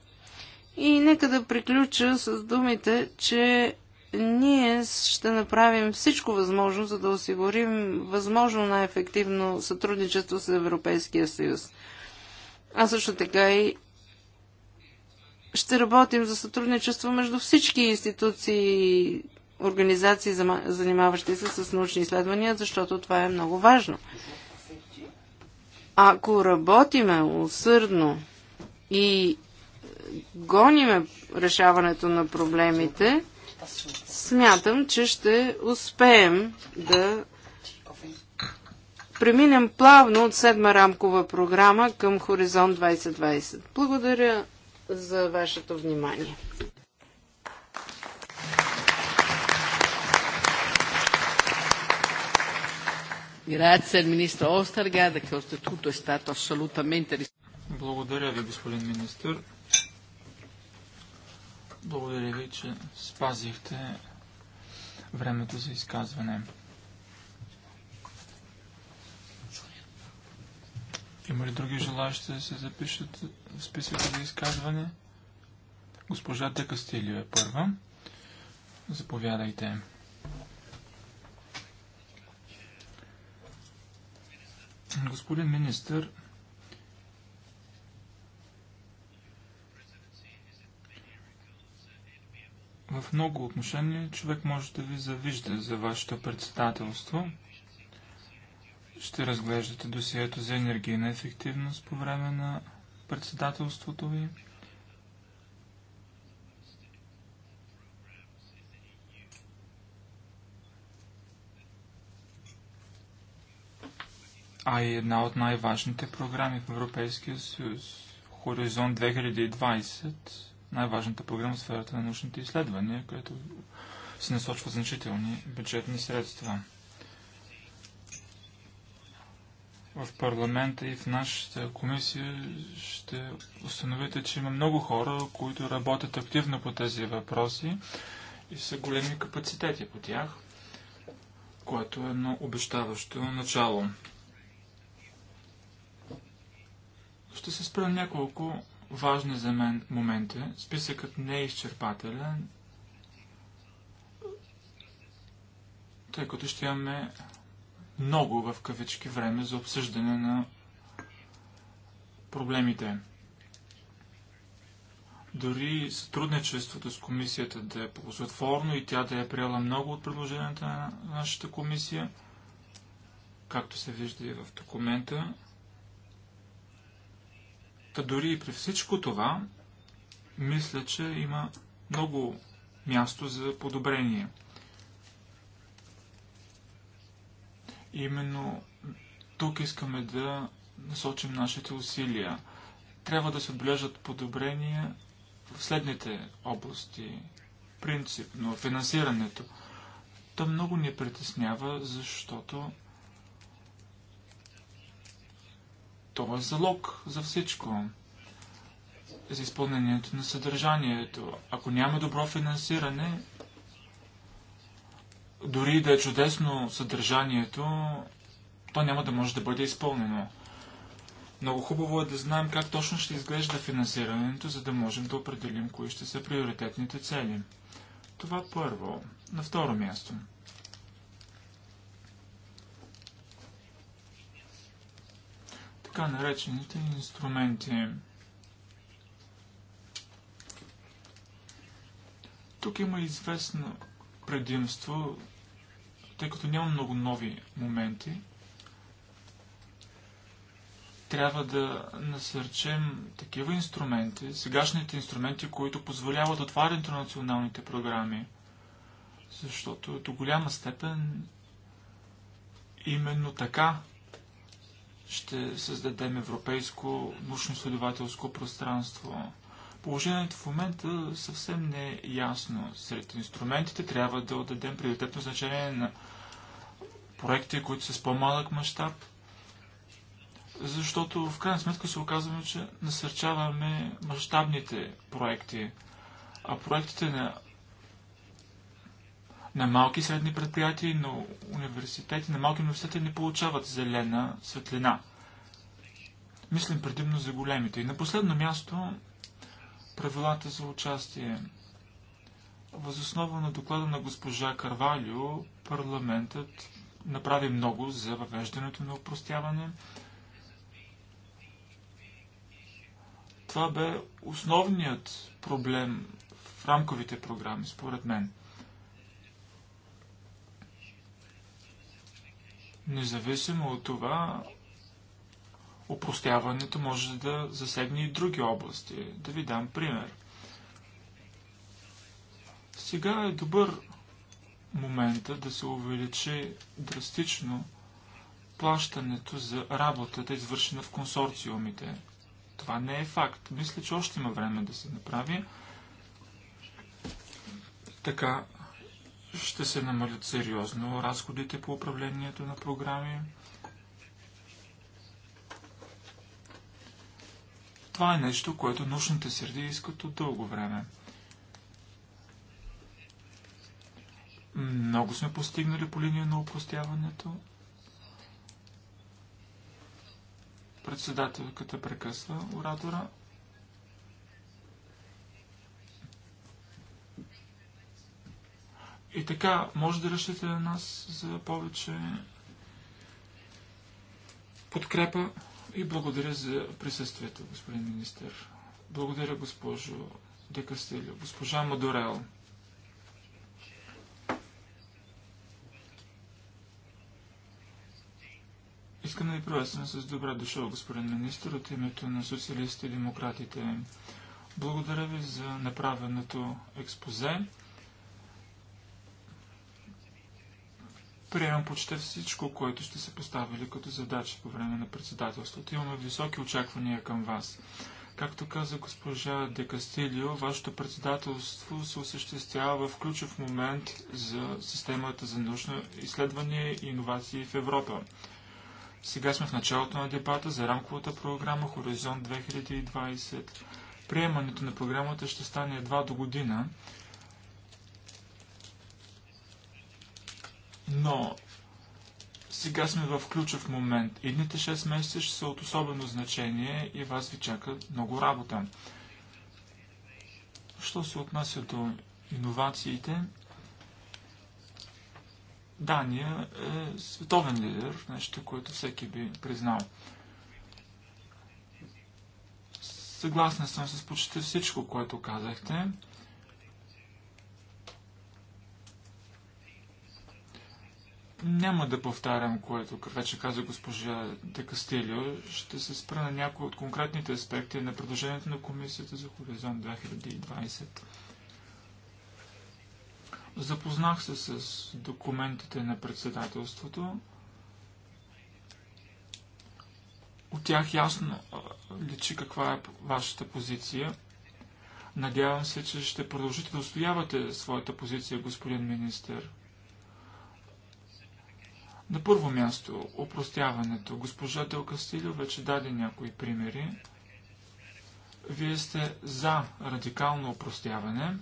И нека да приключа с думите, че ние ще направим всичко възможно, за да осигурим възможно най-ефективно сътрудничество с Европейския съюз. А също така и ще работим за сътрудничество между всички институции и организации, занимаващи се с научни изследвания, защото това е много важно. Ако работиме усърдно и гониме решаването на проблемите, смятам, че ще успеем да преминем плавно от седма рамкова програма към Хоризонт 2020. Благодаря за вашето внимание. Grazie al ministro Ostergaard che oltretutto è stato assolutamente Благодаря ви, господин министр. Благодаря ви, че спазихте времето за изказване. Има ли други желаящи да се запишат в списъка за изказване. Госпожа Текастилио е първа. Заповядайте. Господин министр, в много отношения човек може да ви завижда за вашето председателство. Ще разглеждате досието за енергийна ефективност по време на председателството ви. а и една от най-важните програми в Европейския съюз. Хоризонт 2020, най-важната програма в сферата на научните изследвания, която се насочва значителни бюджетни средства. в парламента и в нашата комисия ще установите, че има много хора, които работят активно по тези въпроси и са големи капацитети по тях, което е едно обещаващо начало. Ще се спра няколко важни за мен моменти. Списъкът не е изчерпателен, тъй като ще имаме много в кавички време за обсъждане на проблемите. Дори сътрудничеството с комисията да е ползотворно и тя да е приела много от предложенията на нашата комисия, както се вижда и в документа, Та дори и при всичко това, мисля, че има много място за подобрение – Именно тук искаме да насочим нашите усилия. Трябва да се отбележат подобрения в следните области. Принципно, финансирането. То много ни притеснява, защото то е залог за всичко. За изпълнението на съдържанието. Ако няма добро финансиране, дори да е чудесно съдържанието, то няма да може да бъде изпълнено. Много хубаво е да знаем как точно ще изглежда финансирането, за да можем да определим кои ще са приоритетните цели. Това първо. На второ място. Така наречените инструменти. Тук има известно предимство тъй като няма много нови моменти, трябва да насърчем такива инструменти, сегашните инструменти, които позволяват отварянето на националните програми, защото до голяма степен именно така ще създадем европейско научно-следователско пространство. Положението в момента съвсем не е ясно. Сред инструментите трябва да отдадем приоритетно значение на проекти, които са с по-малък мащаб, защото в крайна сметка се оказваме, че насърчаваме мащабните проекти, а проектите на, на малки и средни предприятия, на университети, на малки университети не получават зелена светлина. Мислим предимно за големите. И на последно място правилата за участие. Възоснова на доклада на госпожа Карвалио, парламентът направи много за въвеждането на упростяване. Това бе основният проблем в рамковите програми, според мен. Независимо от това, Опростяването може да засегне и други области. Да ви дам пример. Сега е добър момента да се увеличи драстично плащането за работата, извършена в консорциумите. Това не е факт. Мисля, че още има време да се направи. Така ще се намалят сериозно разходите по управлението на програми. Това е нещо, което научните среди искат от дълго време. Много сме постигнали по линия на упростяването. Председателката прекъсва оратора. И така, може да решите на нас за повече подкрепа. И благодаря за присъствието, господин министър. Благодаря, госпожо Декастилио. Госпожа Мадорел. Искам да ви приветствам с добра дошъл, господин министр, от името на социалистите и демократите. Благодаря ви за направеното експозе. Приемам почти всичко, което ще се поставили като задачи по време на председателството. Имаме високи очаквания към вас. Както каза госпожа Де Кастилио, вашето председателство се осъществява в ключов момент за системата за научно изследване и иновации в Европа. Сега сме в началото на дебата за рамковата програма Хоризонт 2020. Приемането на програмата ще стане едва до година но сега сме в ключов момент. Идните 6 месеца ще са от особено значение и вас ви чака много работа. Що се отнася до иновациите, Дания е световен лидер, нещо, което всеки би признал. Съгласен съм с почти всичко, което казахте. Няма да повтарям, което вече каза госпожа Де Кастилио. Ще се спра на някои от конкретните аспекти на предложението на Комисията за Хоризонт 2020. Запознах се с документите на председателството. От тях ясно личи каква е вашата позиция. Надявам се, че ще продължите да устоявате своята позиция, господин министър. На първо място, упростяването. Госпожа Дел вече даде някои примери. Вие сте за радикално упростяване.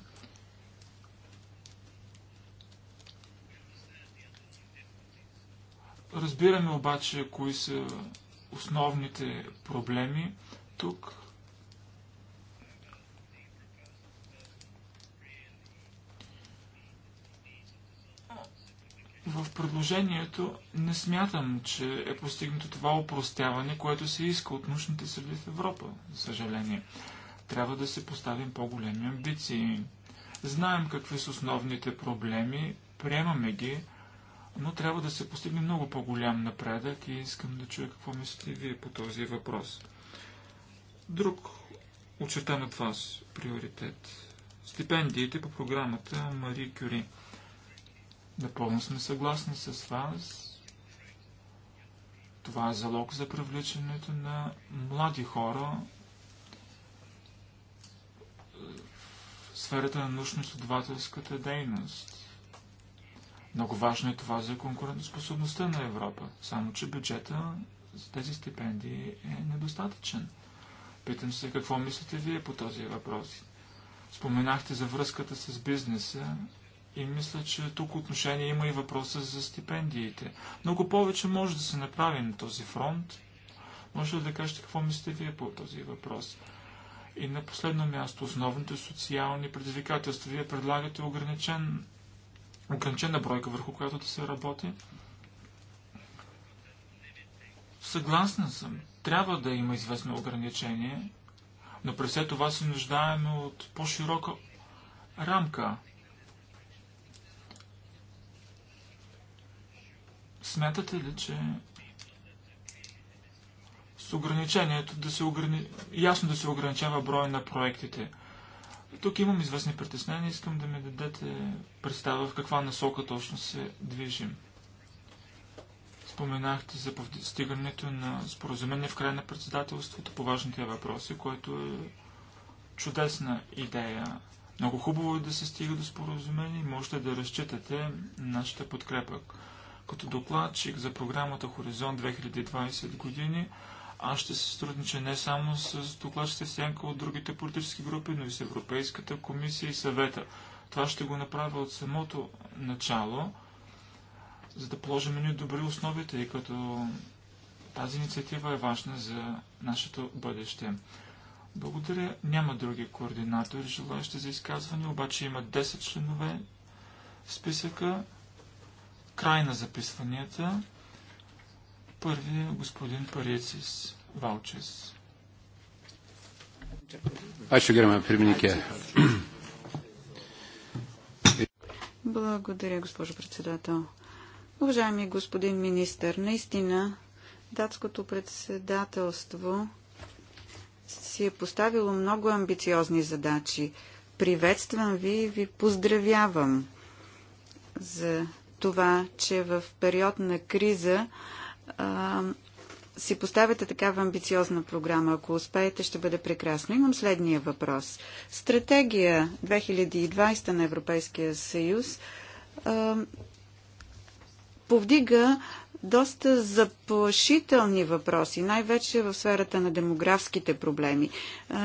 Разбираме обаче кои са основните проблеми тук В предложението не смятам, че е постигнато това упростяване, което се иска от нужните среди в Европа, за съжаление. Трябва да се поставим по-големи амбиции. Знаем какви са основните проблеми, приемаме ги, но трябва да се постигне много по-голям напредък и искам да чуя какво мислите вие по този въпрос. Друг очертан от вас приоритет. Стипендиите по програмата Мари Кюри. Напълно сме съгласни с вас. Това е залог за привличането на млади хора в сферата на научно-изследователската дейност. Много важно е това за конкурентоспособността на Европа, само че бюджета за тези стипендии е недостатъчен. Питам се какво мислите вие по този въпрос. Споменахте за връзката с бизнеса и мисля, че тук отношение има и въпроса за стипендиите. Много повече може да се направи на този фронт. Може ли да кажете какво мислите вие по този въпрос? И на последно място, основните социални предизвикателства. Вие предлагате ограничен, ограничена бройка, върху която да се работи. Съгласна съм. Трябва да има известно ограничение, но през това се нуждаем от по-широка рамка. Смятате ли, че с ограничението да се ограни... ясно да се ограничава брой на проектите? Тук имам известни притеснения, искам да ми дадете представа в каква насока точно се движим. Споменахте за постигането на споразумение в края на председателството по важните въпроси, което е чудесна идея. Много хубаво е да се стига до споразумение и можете да разчитате нашата подкрепа. Като докладчик за програмата Хоризонт 2020 години, аз ще се сътруднича не само с докладчите сянка от другите политически групи, но и с Европейската комисия и съвета. Това ще го направя от самото начало, за да положим ние добри основи, тъй като тази инициатива е важна за нашето бъдеще. Благодаря. Няма други координатори, желаящи за изказване, обаче има 10 членове в списъка. Край на записванията. Първи е господин Парецис Валчес. Аз ще Благодаря, госпожо председател. Уважаеми господин министър, наистина датското председателство си е поставило много амбициозни задачи. Приветствам ви и ви поздравявам за това, че в период на криза а, си поставяте такава амбициозна програма. Ако успеете, ще бъде прекрасно. Имам следния въпрос. Стратегия 2020 на Европейския съюз а, повдига доста заплашителни въпроси, най-вече в сферата на демографските проблеми.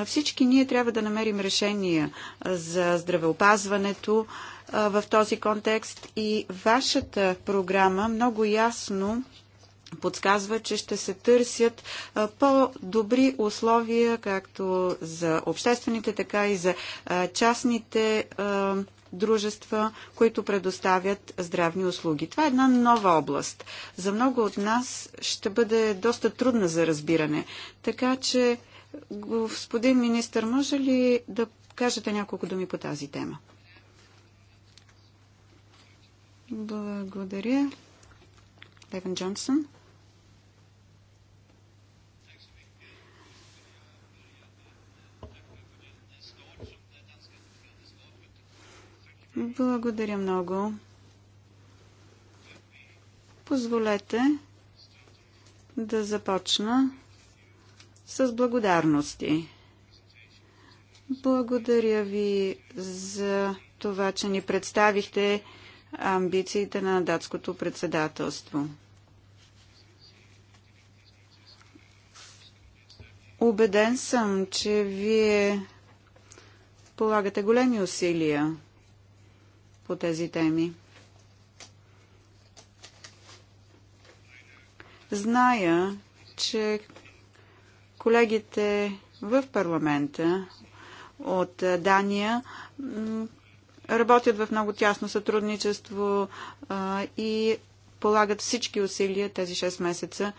Всички ние трябва да намерим решения за здравеопазването, в този контекст и вашата програма много ясно подсказва, че ще се търсят по-добри условия както за обществените, така и за частните дружества, които предоставят здравни услуги. Това е една нова област. За много от нас ще бъде доста трудна за разбиране. Така че, господин министр, може ли да кажете няколко думи по тази тема? Благодаря. Левен Джонсън. Благодаря много. Позволете да започна с благодарности. Благодаря ви за това, че ни представихте амбициите на датското председателство. Убеден съм, че вие полагате големи усилия по тези теми. Зная, че колегите в парламента от Дания работят в много тясно сътрудничество а, и полагат всички усилия тези 6 месеца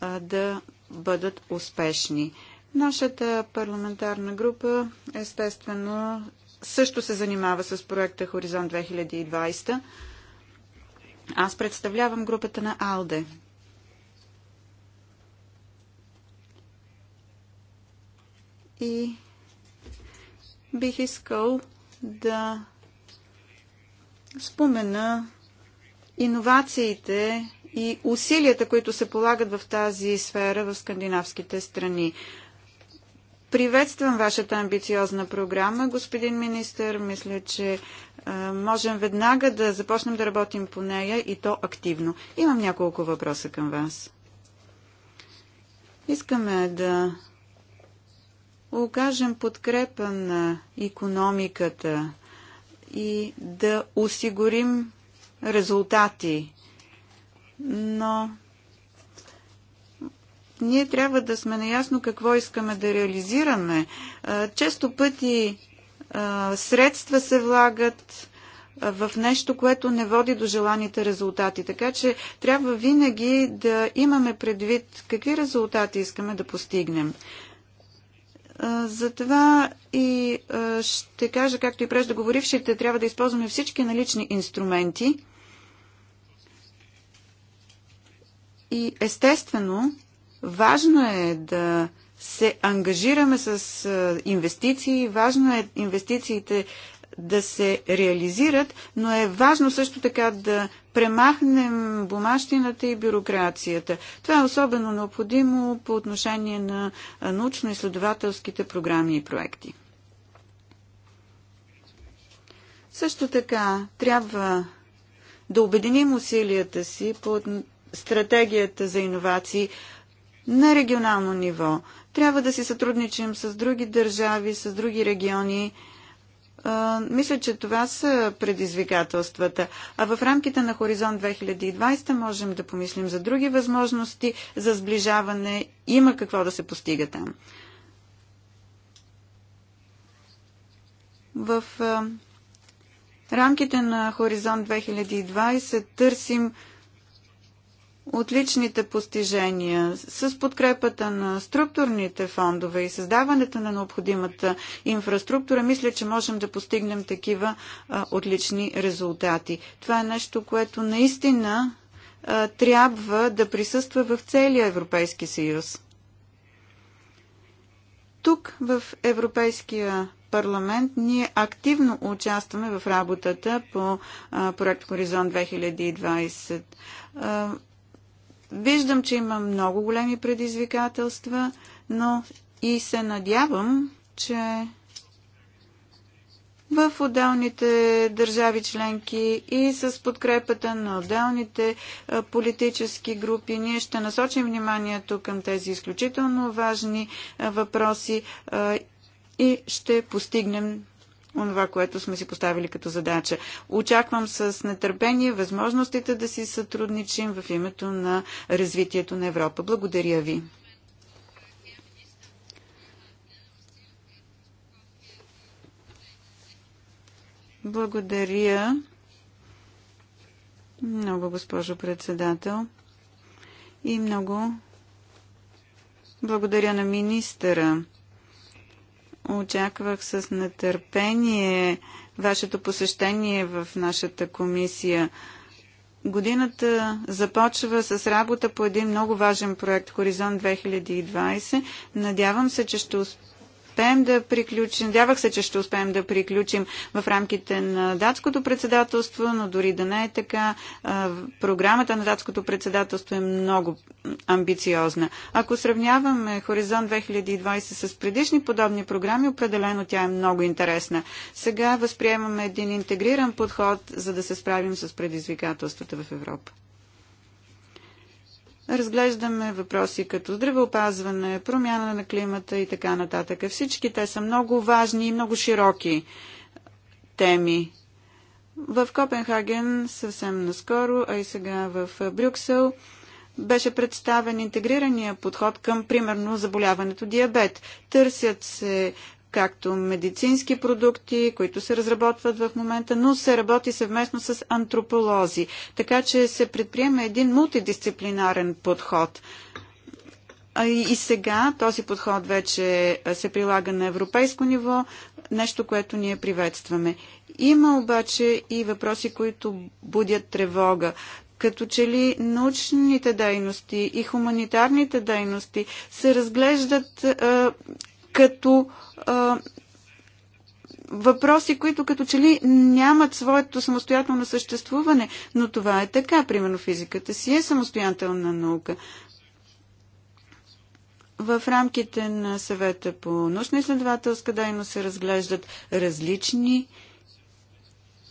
а, да бъдат успешни. Нашата парламентарна група естествено също се занимава с проекта Хоризонт 2020. Аз представлявам групата на АЛДЕ. И бих искал да спомена иновациите и усилията, които се полагат в тази сфера в скандинавските страни. Приветствам вашата амбициозна програма, господин министр. Мисля, че а, можем веднага да започнем да работим по нея и то активно. Имам няколко въпроса към вас. Искаме да окажем подкрепа на економиката, и да осигурим резултати. Но ние трябва да сме наясно какво искаме да реализираме. Често пъти средства се влагат в нещо, което не води до желаните резултати. Така че трябва винаги да имаме предвид какви резултати искаме да постигнем. Затова и ще кажа, както и преждоговорившите, трябва да използваме всички налични инструменти. И естествено, важно е да се ангажираме с инвестиции, важно е инвестициите да се реализират, но е важно също така да премахнем бумащината и бюрокрацията. Това е особено необходимо по отношение на научно-изследователските програми и проекти. Също така трябва да обединим усилията си по стратегията за иновации на регионално ниво. Трябва да си сътрудничим с други държави, с други региони, мисля, че това са предизвикателствата. А в рамките на Хоризонт 2020 можем да помислим за други възможности за сближаване. Има какво да се постига там. В рамките на Хоризонт 2020 търсим отличните постижения, с подкрепата на структурните фондове и създаването на необходимата инфраструктура, мисля, че можем да постигнем такива а, отлични резултати. Това е нещо, което наистина а, трябва да присъства в целия Европейски съюз. Тук в Европейския парламент ние активно участваме в работата по а, проект Хоризонт 2020. Виждам, че има много големи предизвикателства, но и се надявам, че в отделните държави членки и с подкрепата на отделните политически групи. Ние ще насочим вниманието към тези изключително важни въпроси и ще постигнем онова, което сме си поставили като задача. Очаквам с нетърпение възможностите да си сътрудничим в името на развитието на Европа. Благодаря ви. Благодаря. Много, госпожо председател. И много благодаря на министъра Очаквах с нетърпение вашето посещение в нашата комисия. Годината започва с работа по един много важен проект Хоризонт 2020. Надявам се, че ще успеем успеем да приключим. Надявах се, че ще успеем да приключим в рамките на датското председателство, но дори да не е така, програмата на датското председателство е много амбициозна. Ако сравняваме Хоризонт 2020 с предишни подобни програми, определено тя е много интересна. Сега възприемаме един интегриран подход, за да се справим с предизвикателствата в Европа разглеждаме въпроси като здравеопазване, промяна на климата и така нататък. Всички те са много важни и много широки теми. В Копенхаген съвсем наскоро, а и сега в Брюксел, беше представен интегрирания подход към, примерно, заболяването диабет. Търсят се както медицински продукти, които се разработват в момента, но се работи съвместно с антрополози. Така че се предприема един мултидисциплинарен подход. И сега този подход вече се прилага на европейско ниво, нещо, което ние приветстваме. Има обаче и въпроси, които будят тревога като че ли научните дейности и хуманитарните дейности се разглеждат като а, въпроси, които като че ли нямат своето самостоятелно съществуване, но това е така. Примерно физиката си е самостоятелна наука. В рамките на съвета по научно-изследователска дейност се разглеждат различни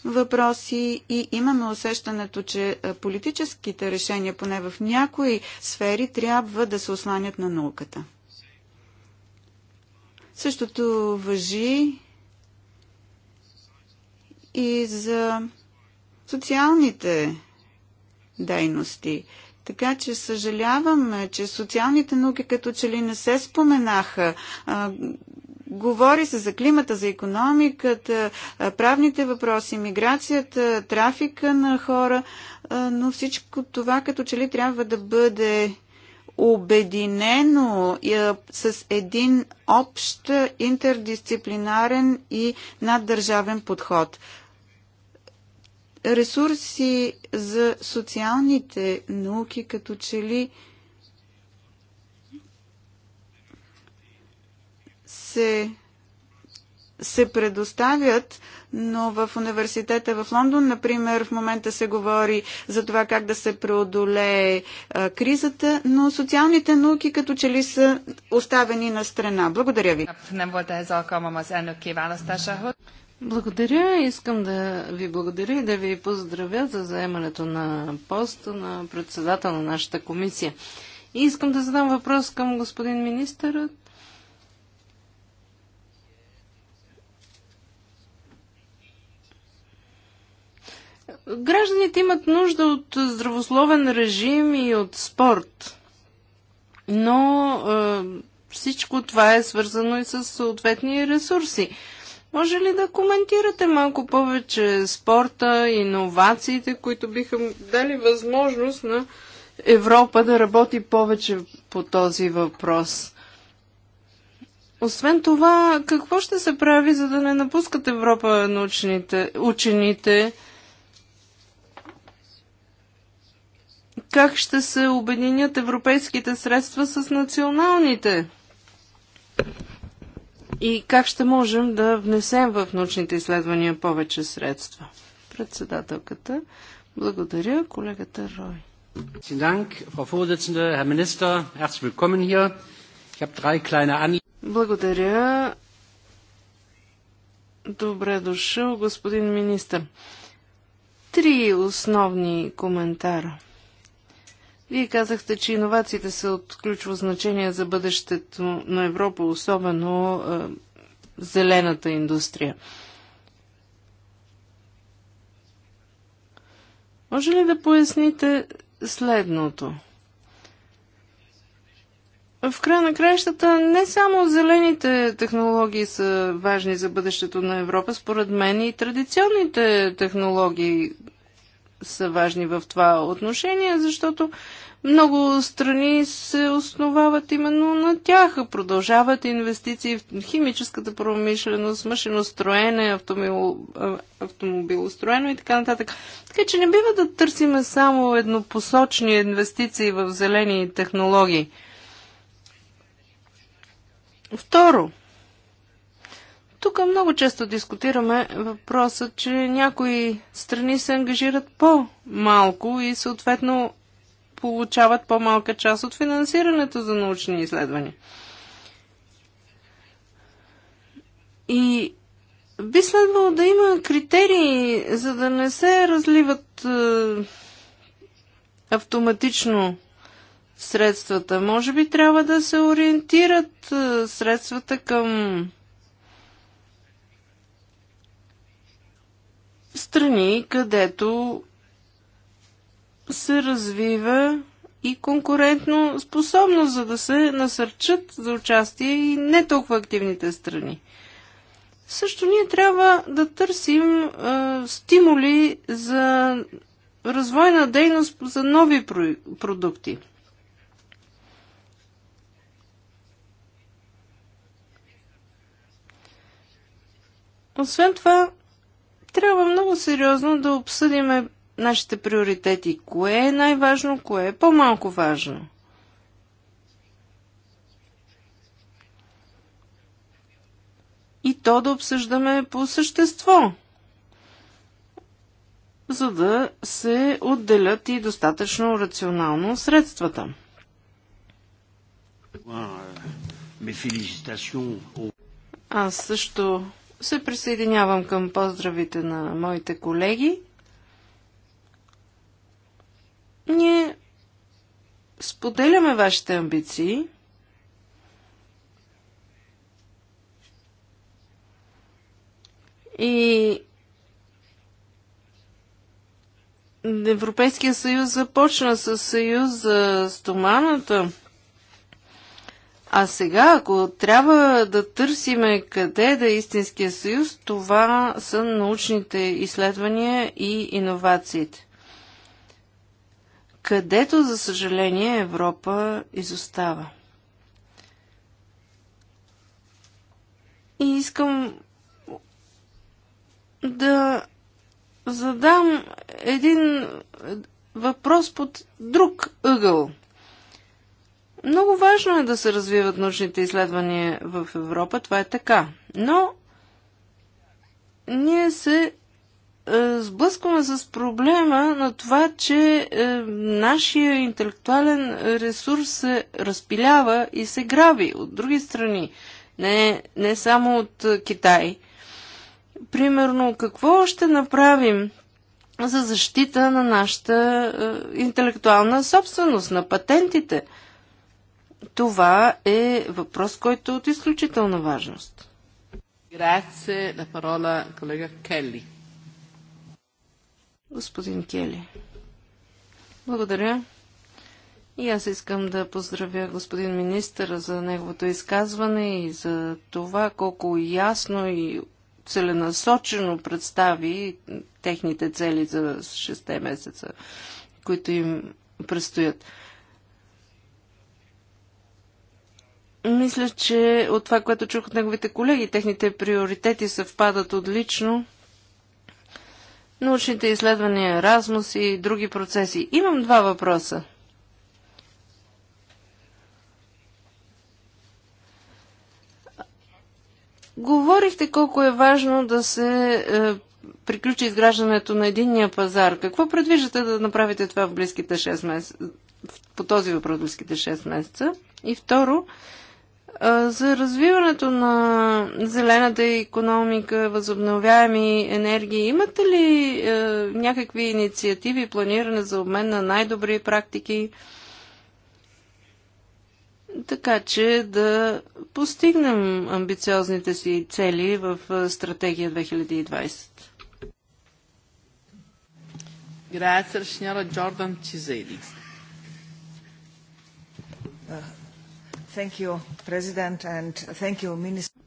въпроси и имаме усещането, че политическите решения, поне в някои сфери, трябва да се осланят на науката. Същото въжи и за социалните дейности. Така че съжалявам, че социалните науки като че ли не се споменаха. говори се за климата, за економиката, правните въпроси, миграцията, трафика на хора, но всичко това като че ли трябва да бъде обединено е, с един общ интердисциплинарен и наддържавен подход. Ресурси за социалните науки като че ли се се предоставят, но в университета в Лондон, например, в момента се говори за това как да се преодолее а, е, кризата, но социалните науки като че ли са оставени на страна. Благодаря ви. Благодаря. Искам да ви благодаря и да ви поздравя за заемането на поста на председател на нашата комисия. И искам да задам въпрос към господин министърът. Гражданите имат нужда от здравословен режим и от спорт. Но е, всичко това е свързано и с съответни ресурси. Може ли да коментирате малко повече спорта, иновациите, които биха дали възможност на Европа да работи повече по този въпрос? Освен това, какво ще се прави, за да не напускат Европа научните, учените? как ще се обединят европейските средства с националните и как ще можем да внесем в научните изследвания повече средства. Председателката, благодаря, колегата Рой. Благодаря. Добре дошъл, господин министр. Три основни коментара. Вие казахте, че иновациите са от ключово значение за бъдещето на Европа, особено е, зелената индустрия. Може ли да поясните следното? В края на краищата не само зелените технологии са важни за бъдещето на Европа, според мен и традиционните технологии са важни в това отношение, защото много страни се основават именно на тях. Продължават инвестиции в химическата промишленост, машиностроене, автомобилостроено и така нататък. Така че не бива да търсиме само еднопосочни инвестиции в зелени технологии. Второ, тук много често дискутираме въпроса, че някои страни се ангажират по-малко и съответно получават по-малка част от финансирането за научни изследвания. И би следвало да има критерии, за да не се разливат е, автоматично средствата. Може би трябва да се ориентират е, средствата към страни, където се развива и конкурентно способност, за да се насърчат за участие и не толкова активните страни. Също ние трябва да търсим е, стимули за развойна дейност за нови про продукти. Освен това, трябва много сериозно да обсъдиме нашите приоритети. Кое е най-важно, кое е по-малко важно. И то да обсъждаме по същество, за да се отделят и достатъчно рационално средствата. Аз също се присъединявам към поздравите на моите колеги. Ние споделяме вашите амбиции. И Европейския съюз започна с съюз за стоманата. А сега, ако трябва да търсиме къде да е истинския съюз, това са научните изследвания и иновациите. Където, за съжаление, Европа изостава. И искам да задам един въпрос под друг ъгъл – много важно е да се развиват научните изследвания в Европа, това е така. Но ние се е, сблъскваме с проблема на това, че е, нашия интелектуален ресурс се разпилява и се граби от други страни, не, не само от е, Китай. Примерно, какво ще направим за защита на нашата е, интелектуална собственост, на патентите – това е въпрос, който е от изключителна важност. Грация на парола колега Келли. Господин Кели. Благодаря. И аз искам да поздравя господин министър за неговото изказване и за това колко ясно и целенасочено представи техните цели за 6 месеца, които им предстоят. Мисля, че от това, което чух от неговите колеги, техните приоритети съвпадат отлично. Научните изследвания, Размус и други процеси. Имам два въпроса. Говорихте колко е важно да се е, приключи изграждането на единния пазар. Какво предвиждате да направите това в близките 6 месеца? По този въпрос в близките 6 месеца. И второ, за развиването на зелената економика, възобновяеми енергии, имате ли е, някакви инициативи, планиране за обмен на най-добри практики, така че да постигнем амбициозните си цели в е, стратегия 2020? Грация, signora Jordan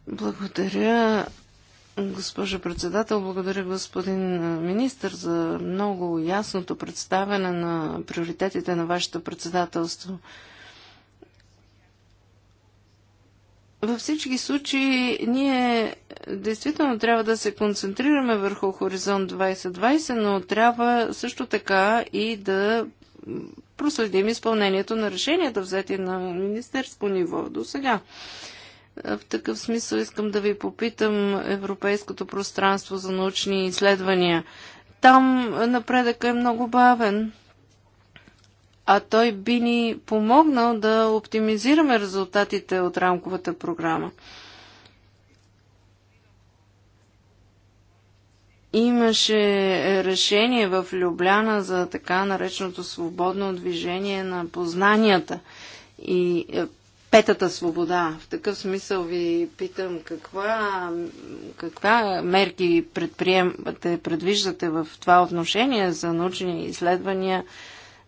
благодаря, госпожа председател, благодаря господин министр за много ясното представяне на приоритетите на вашето председателство. Във всички случаи ние действително трябва да се концентрираме върху Хоризонт 2020, но трябва също така и да проследим изпълнението на решенията, взети на министерско ниво до сега. Е, в такъв смисъл искам да ви попитам Европейското пространство за научни изследвания. Там напредъка е много бавен, а той би ни помогнал да оптимизираме резултатите от рамковата програма. Имаше решение в Любляна за така нареченото свободно движение на познанията и е, петата свобода. В такъв смисъл ви питам каква, каква мерки предприемате, предвиждате в това отношение за научни изследвания,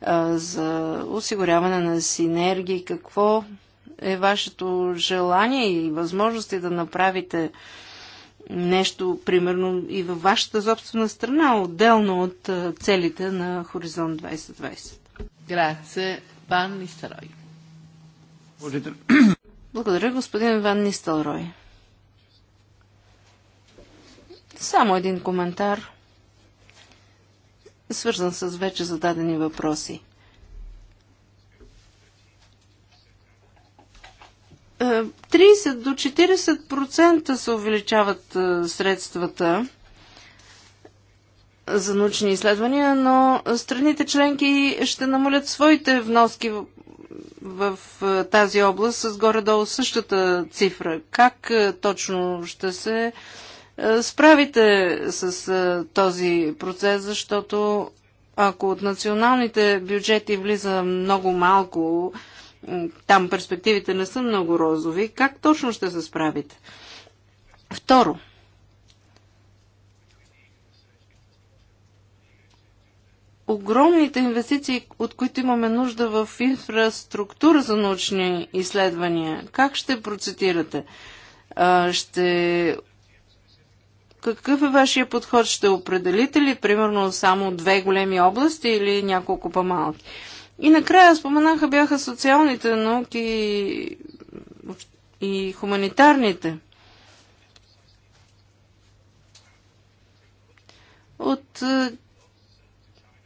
е, за осигуряване на синергии, какво е вашето желание и възможности да направите нещо, примерно, и във вашата собствена страна, отделно от целите на Хоризонт 2020. Грация, Ван Нистелрой. Благодаря, господин Ван Нистелрой. Само един коментар, свързан с вече зададени въпроси. 30 е, до 40% се увеличават е, средствата за научни изследвания, но страните членки ще намалят своите вноски в, в е, тази област с горе-долу същата цифра. Как точно ще се справите с този процес, защото ако от националните бюджети влиза много малко, там перспективите не са много розови, как точно ще се справите? Второ, огромните инвестиции, от които имаме нужда в инфраструктура за научни изследвания, как ще процитирате? ще... Какъв е вашия подход? Ще определите ли, примерно, само две големи области или няколко по-малки? И накрая споменаха бяха социалните науки и хуманитарните. От е,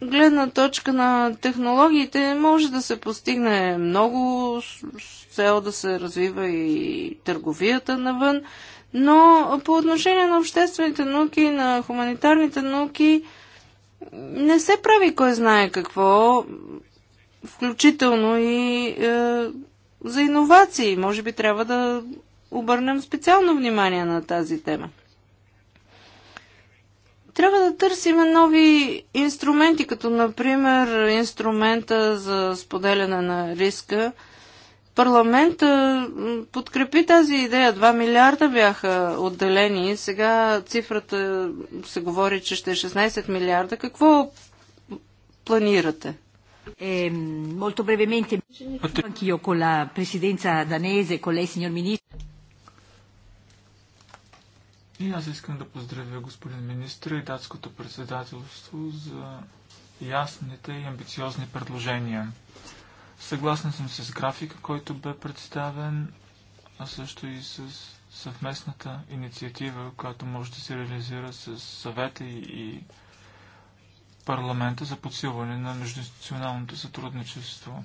гледна точка на технологиите може да се постигне много с цел да се развива и търговията навън, но по отношение на обществените науки, на хуманитарните науки, не се прави кой знае какво включително и е, за иновации. Може би трябва да обърнем специално внимание на тази тема. Трябва да търсим нови инструменти, като например инструмента за споделяне на риска. Парламента подкрепи тази идея. 2 милиарда бяха отделени. Сега цифрата се говори, че ще е 16 милиарда. Какво планирате? Eh, molto brevemente, anch'io con la presidenza danese, con lei, signor Ministro. И аз искам да поздравя господин министр и датското председателство за ясните и амбициозни предложения. Съгласен съм с графика, който бе представен, а също и с съвместната инициатива, която може да се реализира с съвета и, и парламента за подсилване на междуинституционалното сътрудничество.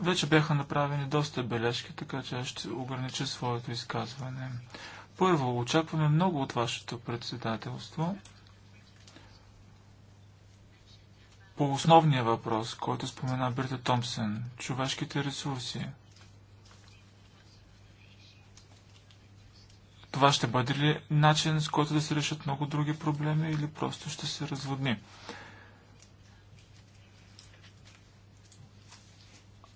Вече бяха направени доста бележки, така че аз ще огранича своето изказване. Първо, очакваме много от вашето председателство. По основния въпрос, който спомена Брита Томпсън, човешките ресурси. Това ще бъде ли начин, с който да се решат много други проблеми или просто ще се разводни?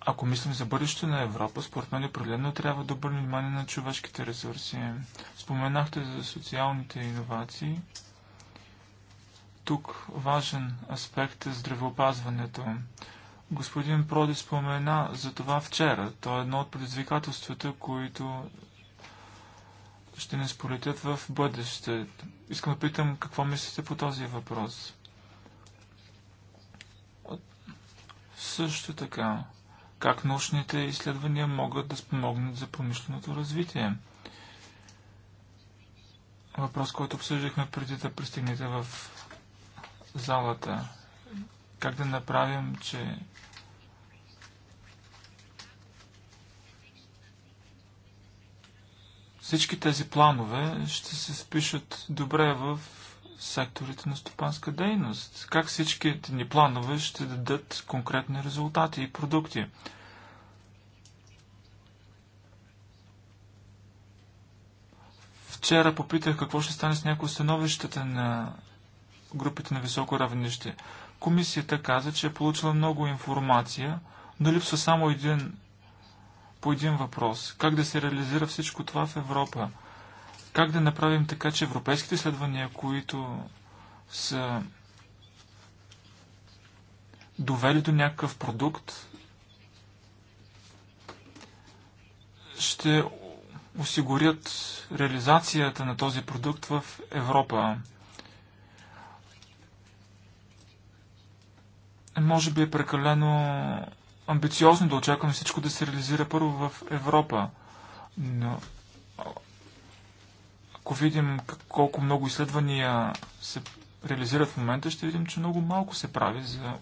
Ако мислим за бъдещето на Европа, според мен определено трябва да обърнем внимание на човешките ресурси. Споменахте за социалните иновации. Тук важен аспект е здравеопазването. Господин Проди спомена за това вчера. То е едно от предизвикателствата, които ще ни сполетят в бъдеще. Искам да питам какво мислите по този въпрос. Също така, как научните изследвания могат да спомогнат за промишленото развитие. Въпрос, който обсъждахме преди да пристигнете в залата. Как да направим, че всички тези планове ще се спишат добре в секторите на стопанска дейност. Как всичките ни планове ще дадат конкретни резултати и продукти. Вчера попитах какво ще стане с някои становищата на групите на високо равнище. Комисията каза, че е получила много информация, но липсва само един по един въпрос. Как да се реализира всичко това в Европа? Как да направим така, че европейските изследвания, които са довели до някакъв продукт, ще осигурят реализацията на този продукт в Европа. Може би е прекалено амбициозно да очакваме всичко да се реализира първо в Европа, но ако видим колко много изследвания се реализират в момента, ще видим, че много малко се прави за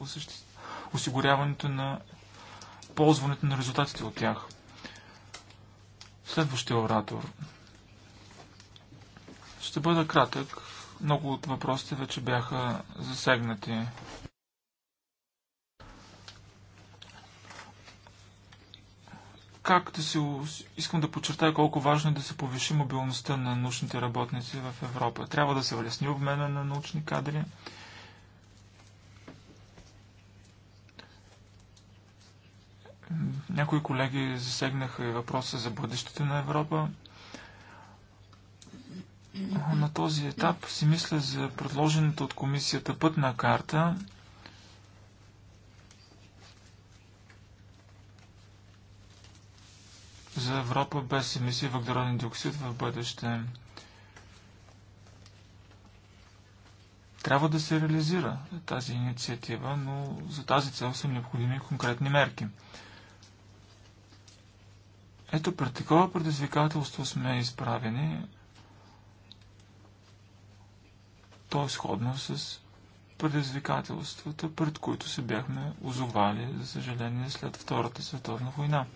осигуряването на ползването на резултатите от тях. Следващия оратор. Ще бъда кратък. Много от въпросите вече бяха засегнати. как да се... Искам да подчертая колко важно е да се повиши мобилността на научните работници в Европа. Трябва да се улесни обмена на научни кадри. Някои колеги засегнаха и въпроса за бъдещето на Европа. На този етап си мисля за предложената от комисията пътна карта – за Европа без емисии въглероден диоксид в бъдеще. Трябва да се реализира тази инициатива, но за тази цел са необходими конкретни мерки. Ето, пред такова предизвикателство сме изправени. То е сходно с предизвикателствата, пред които се бяхме озовали, за съжаление, след Втората световна война –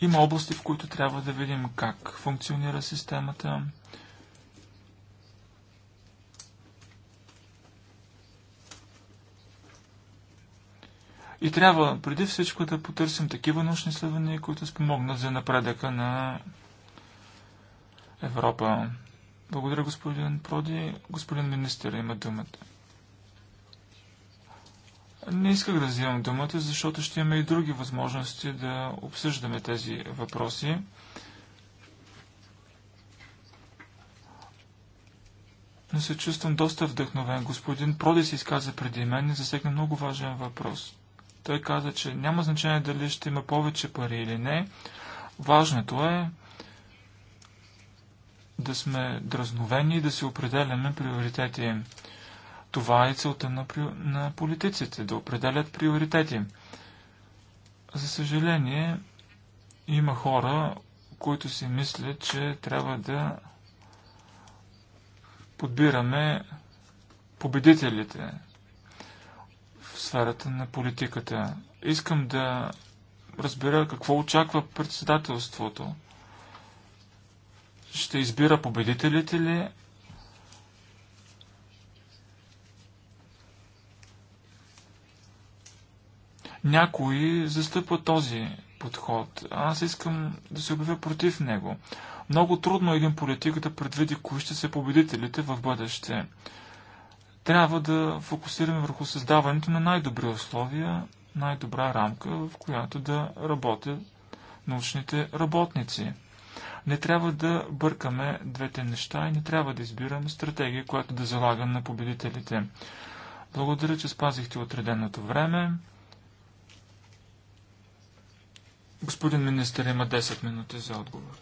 Има области, в които трябва да видим как функционира системата. И трябва преди всичко да потърсим такива научни изследвания, които спомогнат за напредъка на Европа. Благодаря, господин Проди. Господин министър има думата. Не исках да взимам думата, защото ще имаме и други възможности да обсъждаме тези въпроси. Но се чувствам доста вдъхновен. Господин Проди се изказа преди мен и засегна много важен въпрос. Той каза, че няма значение дали ще има повече пари или не. Важното е да сме дразновени и да се определяме приоритети. Това е целта на, на политиците да определят приоритети. За съжаление, има хора, които си мислят, че трябва да подбираме победителите в сферата на политиката. Искам да разбера какво очаква председателството. Ще избира победителите ли Някои застъпват този подход. Аз искам да се обявя против него. Много трудно е един политик да предвиди кои ще са победителите в бъдеще. Трябва да фокусираме върху създаването на най-добри условия, най-добра рамка, в която да работят научните работници. Не трябва да бъркаме двете неща и не трябва да избираме стратегия, която да залага на победителите. Благодаря, че спазихте отреденото време. Господин министър има 10 минути за отговор.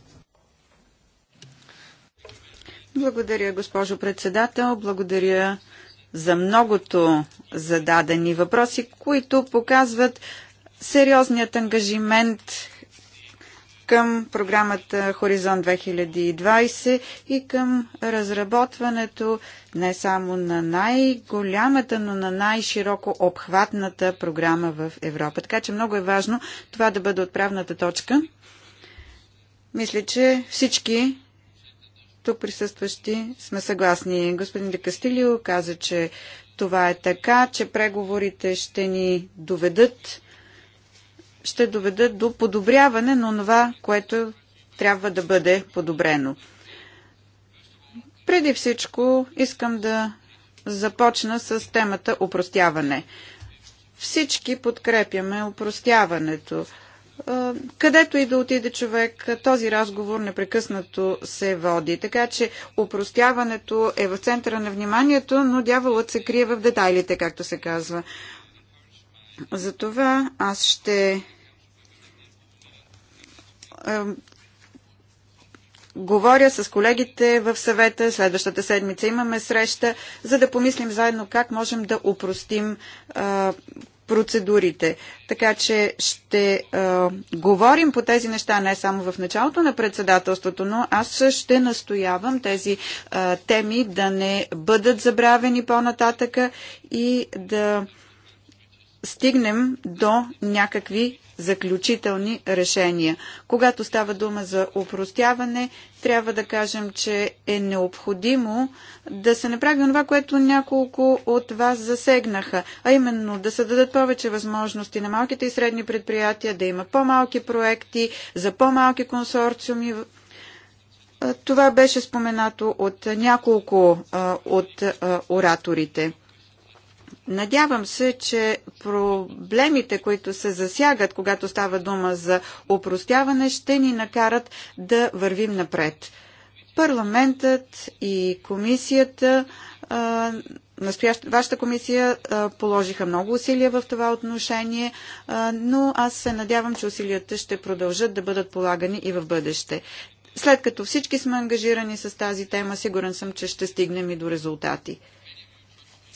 Благодаря, госпожо председател. Благодаря за многото зададени въпроси, които показват сериозният ангажимент към програмата Хоризонт 2020 и към разработването не само на най-голямата, но на най-широко обхватната програма в Европа. Така че много е важно това да бъде отправната точка. Мисля, че всички тук присъстващи сме съгласни. Господин Декастилио каза, че това е така, че преговорите ще ни доведат ще доведат до подобряване на това, което трябва да бъде подобрено. Преди всичко искам да започна с темата упростяване. Всички подкрепяме упростяването. Където и да отиде човек, този разговор непрекъснато се води. Така че упростяването е в центъра на вниманието, но дяволът се крие в детайлите, както се казва. Затова аз ще говоря с колегите в съвета. Следващата седмица имаме среща, за да помислим заедно как можем да упростим а, процедурите. Така че ще а, говорим по тези неща не само в началото на председателството, но аз ще настоявам тези а, теми да не бъдат забравени по-нататъка и да стигнем до някакви заключителни решения. Когато става дума за упростяване, трябва да кажем, че е необходимо да се направи това, което няколко от вас засегнаха, а именно да се дадат повече възможности на малките и средни предприятия, да има по-малки проекти, за по-малки консорциуми, това беше споменато от няколко от ораторите. Надявам се, че проблемите, които се засягат, когато става дума за упростяване, ще ни накарат да вървим напред. Парламентът и комисията, настоящ, вашата комисия положиха много усилия в това отношение, но аз се надявам, че усилията ще продължат да бъдат полагани и в бъдеще. След като всички сме ангажирани с тази тема, сигурен съм, че ще стигнем и до резултати.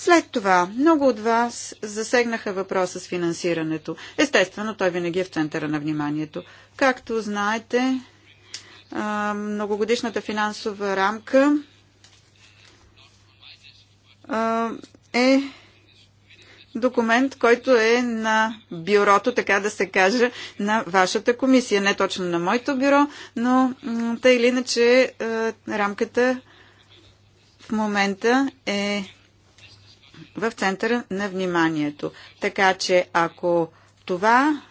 След това много от вас засегнаха въпроса с финансирането. Естествено, той винаги е в центъра на вниманието. Както знаете, многогодишната финансова рамка е документ, който е на бюрото, така да се каже, на вашата комисия. Не точно на моето бюро, но тъй или иначе рамката в момента е в центъра на вниманието. Така че ако това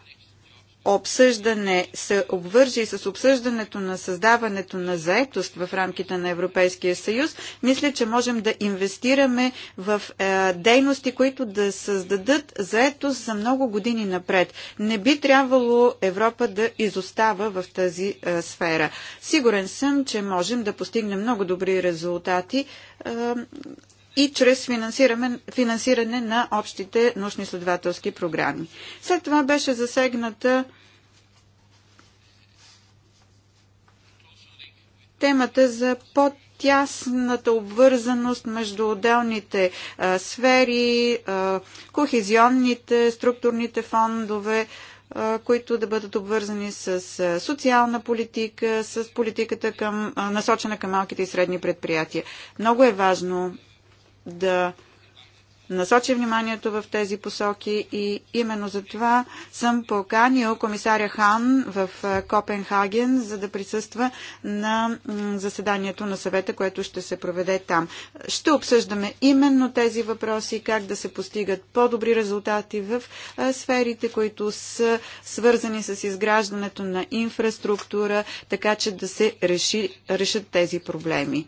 обсъждане се обвържи с обсъждането на създаването на заетост в рамките на Европейския съюз, мисля, че можем да инвестираме в е, дейности, които да създадат заетост за много години напред. Не би трябвало Европа да изостава в тази е, сфера. Сигурен съм, че можем да постигнем много добри резултати е, и чрез финансиране на общите научно-изследователски програми. След това беше засегната темата за по-тясната обвързаност между отделните а, сфери, а, кохезионните, структурните фондове, а, които да бъдат обвързани с а, социална политика, с политиката към, а, насочена към малките и средни предприятия. Много е важно да насочи вниманието в тези посоки и именно за това съм поканил комисаря Хан в Копенхаген, за да присъства на заседанието на съвета, което ще се проведе там. Ще обсъждаме именно тези въпроси, как да се постигат по-добри резултати в сферите, които са свързани с изграждането на инфраструктура, така че да се реши, решат тези проблеми.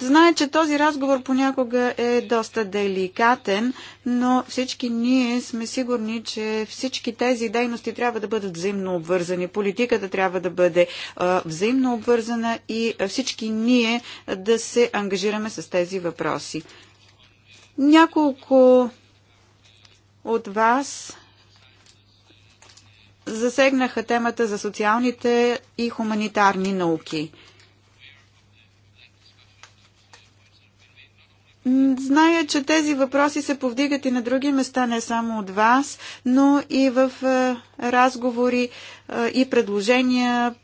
Знае, че този разговор понякога е доста деликатен, но всички ние сме сигурни, че всички тези дейности трябва да бъдат взаимно обвързани. Политиката трябва да бъде взаимно обвързана и всички ние да се ангажираме с тези въпроси. Няколко от вас засегнаха темата за социалните и хуманитарни науки – Зная, че тези въпроси се повдигат и на други места, не само от вас, но и в е, разговори е, и предложения,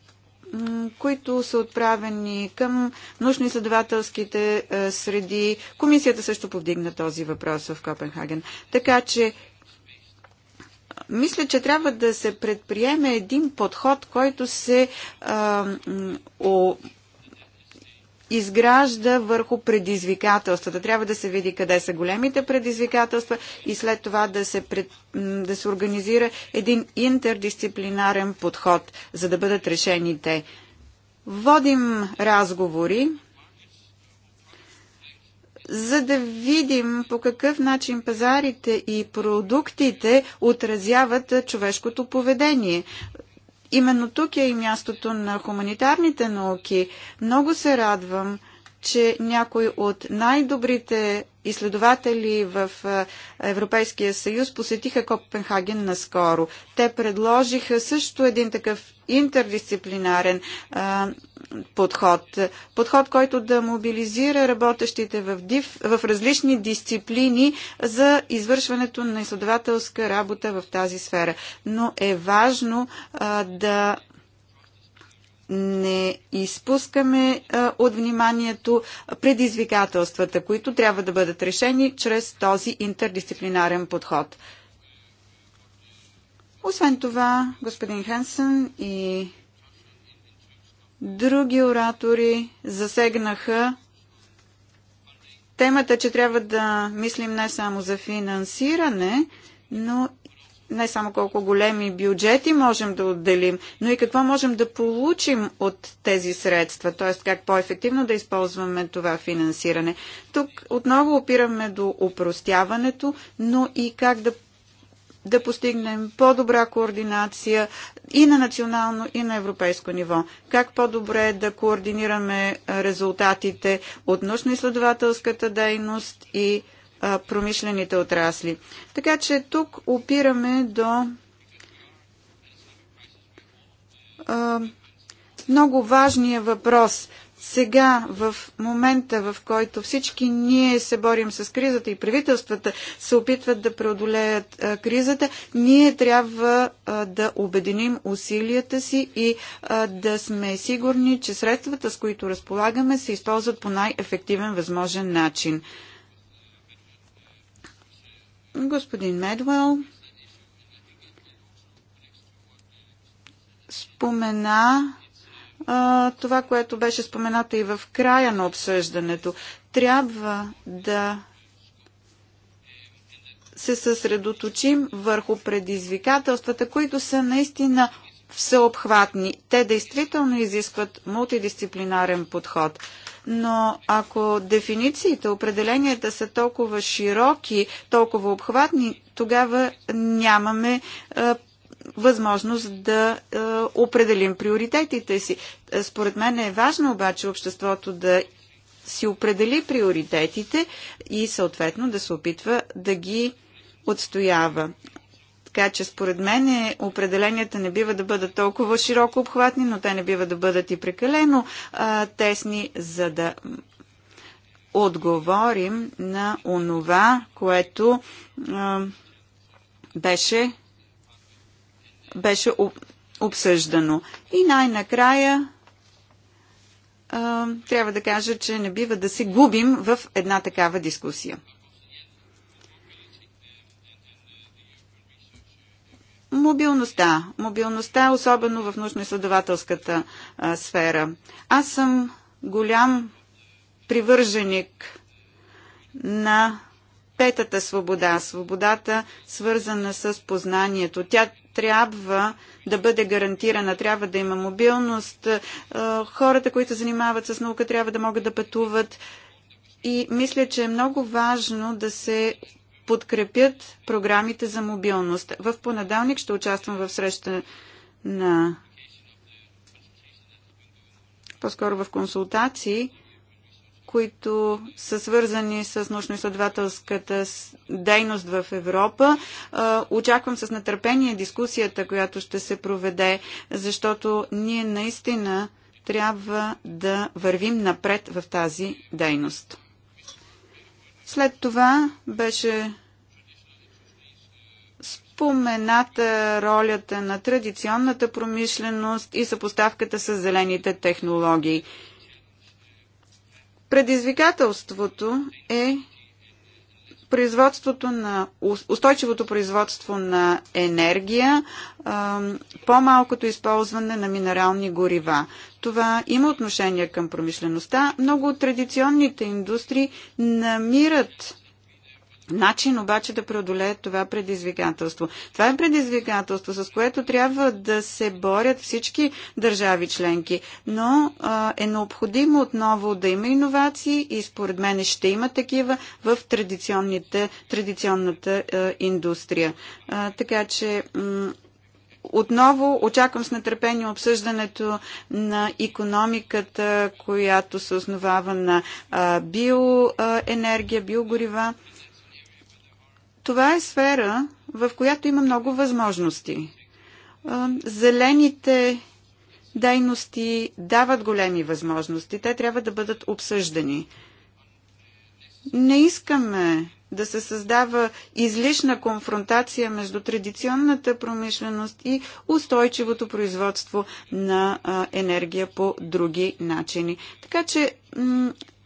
които са отправени към научно-изследователските е, среди. Комисията също повдигна този въпрос в Копенхаген. Така че мисля, че трябва да се предприеме един подход, който се а, о, изгражда върху предизвикателствата. Трябва да се види къде са големите предизвикателства и след това да се, пред, да се организира един интердисциплинарен подход, за да бъдат решени те. Водим разговори, за да видим по какъв начин пазарите и продуктите отразяват човешкото поведение. Именно тук е и мястото на хуманитарните науки. Много се радвам, че някои от най-добрите изследователи в Европейския съюз посетиха Копенхаген наскоро. Те предложиха също един такъв интердисциплинарен а, подход. Подход, който да мобилизира работещите в, див, в различни дисциплини за извършването на изследователска работа в тази сфера. Но е важно а, да не изпускаме а, от вниманието предизвикателствата, които трябва да бъдат решени чрез този интердисциплинарен подход. Освен това, господин Хенсен и други оратори засегнаха темата, че трябва да мислим не само за финансиране, но не само колко големи бюджети можем да отделим, но и какво можем да получим от тези средства, т.е. как по-ефективно да използваме това финансиране. Тук отново опираме до упростяването, но и как да да постигнем по-добра координация и на национално, и на европейско ниво. Как по-добре да координираме резултатите от научно-изследователската дейност и промишлените отрасли. Така че тук опираме до много важния въпрос. Сега, в момента, в който всички ние се борим с кризата и правителствата се опитват да преодолеят а, кризата, ние трябва а, да обединим усилията си и а, да сме сигурни, че средствата, с които разполагаме, се използват по най-ефективен възможен начин. Господин Медвел спомена а, това, което беше споменато и в края на обсъждането. Трябва да се съсредоточим върху предизвикателствата, които са наистина всеобхватни. Те действително изискват мултидисциплинарен подход но ако дефинициите, определенията са толкова широки, толкова обхватни, тогава нямаме е, възможност да е, определим приоритетите си. Е, според мен е важно обаче обществото да си определи приоритетите и съответно да се опитва да ги отстоява. Така че според мен е, определенията не бива да бъдат толкова широко обхватни, но те не бива да бъдат и прекалено а, тесни, за да отговорим на онова, което а, беше, беше обсъждано. И най-накрая трябва да кажа, че не бива да се губим в една такава дискусия. Мобилността. Мобилността, е особено в научно-изследователската сфера. Аз съм голям привърженик на петата свобода, свободата свързана с познанието. Тя трябва да бъде гарантирана, трябва да има мобилност. Хората, които занимават с наука, трябва да могат да пътуват. И мисля, че е много важно да се подкрепят програмите за мобилност. В понеделник ще участвам в среща на по-скоро в консултации, които са свързани с научно-изследователската дейност в Европа. Очаквам с нетърпение дискусията, която ще се проведе, защото ние наистина трябва да вървим напред в тази дейност. След това беше спомената ролята на традиционната промишленост и съпоставката с зелените технологии. Предизвикателството е производството на устойчивото производство на енергия, по-малкото използване на минерални горива. Това има отношение към промишлеността. Много от традиционните индустрии намират начин обаче да преодолее това предизвикателство. Това е предизвикателство, с което трябва да се борят всички държави членки, но а, е необходимо отново да има иновации и според мен ще има такива в традиционните, традиционната а, индустрия. А, така че отново очаквам с нетърпение обсъждането на економиката, която се основава на биоенергия, биогорива. Това е сфера, в която има много възможности. Зелените дейности дават големи възможности. Те трябва да бъдат обсъждани. Не искаме да се създава излишна конфронтация между традиционната промишленост и устойчивото производство на енергия по други начини. Така че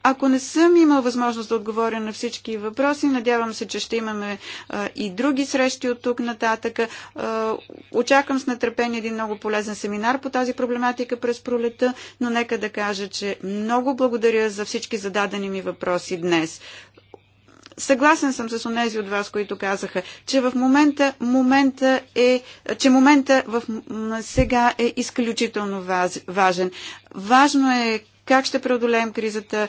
ако не съм имал възможност да отговоря на всички въпроси, надявам се, че ще имаме а, и други срещи от тук нататък. А, очаквам с нетърпение един много полезен семинар по тази проблематика през пролета, но нека да кажа, че много благодаря за всички зададени ми въпроси днес. Съгласен съм с онези от вас, които казаха, че в момента, момента е, че момента в, сега е изключително важен. Важно е как ще преодолеем кризата,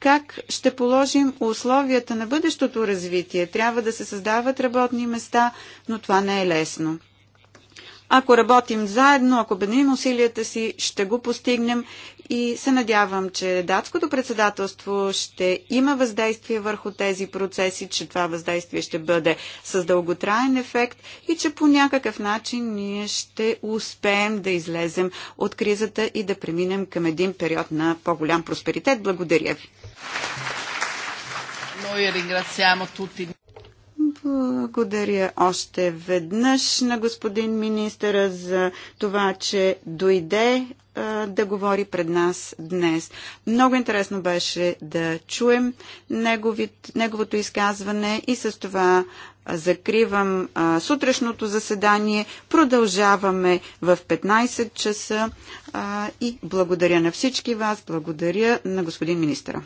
как ще положим условията на бъдещото развитие. Трябва да се създават работни места, но това не е лесно. Ако работим заедно, ако бъдем усилията си, ще го постигнем и се надявам, че датското председателство ще има въздействие върху тези процеси, че това въздействие ще бъде с дълготраен ефект и че по някакъв начин ние ще успеем да излезем от кризата и да преминем към един период на по-голям просперитет. Благодаря ви. Благодаря още веднъж на господин министъра за това, че дойде да говори пред нас днес. Много интересно беше да чуем неговото изказване и с това закривам а, сутрешното заседание. Продължаваме в 15 часа а, и благодаря на всички вас, благодаря на господин министъра.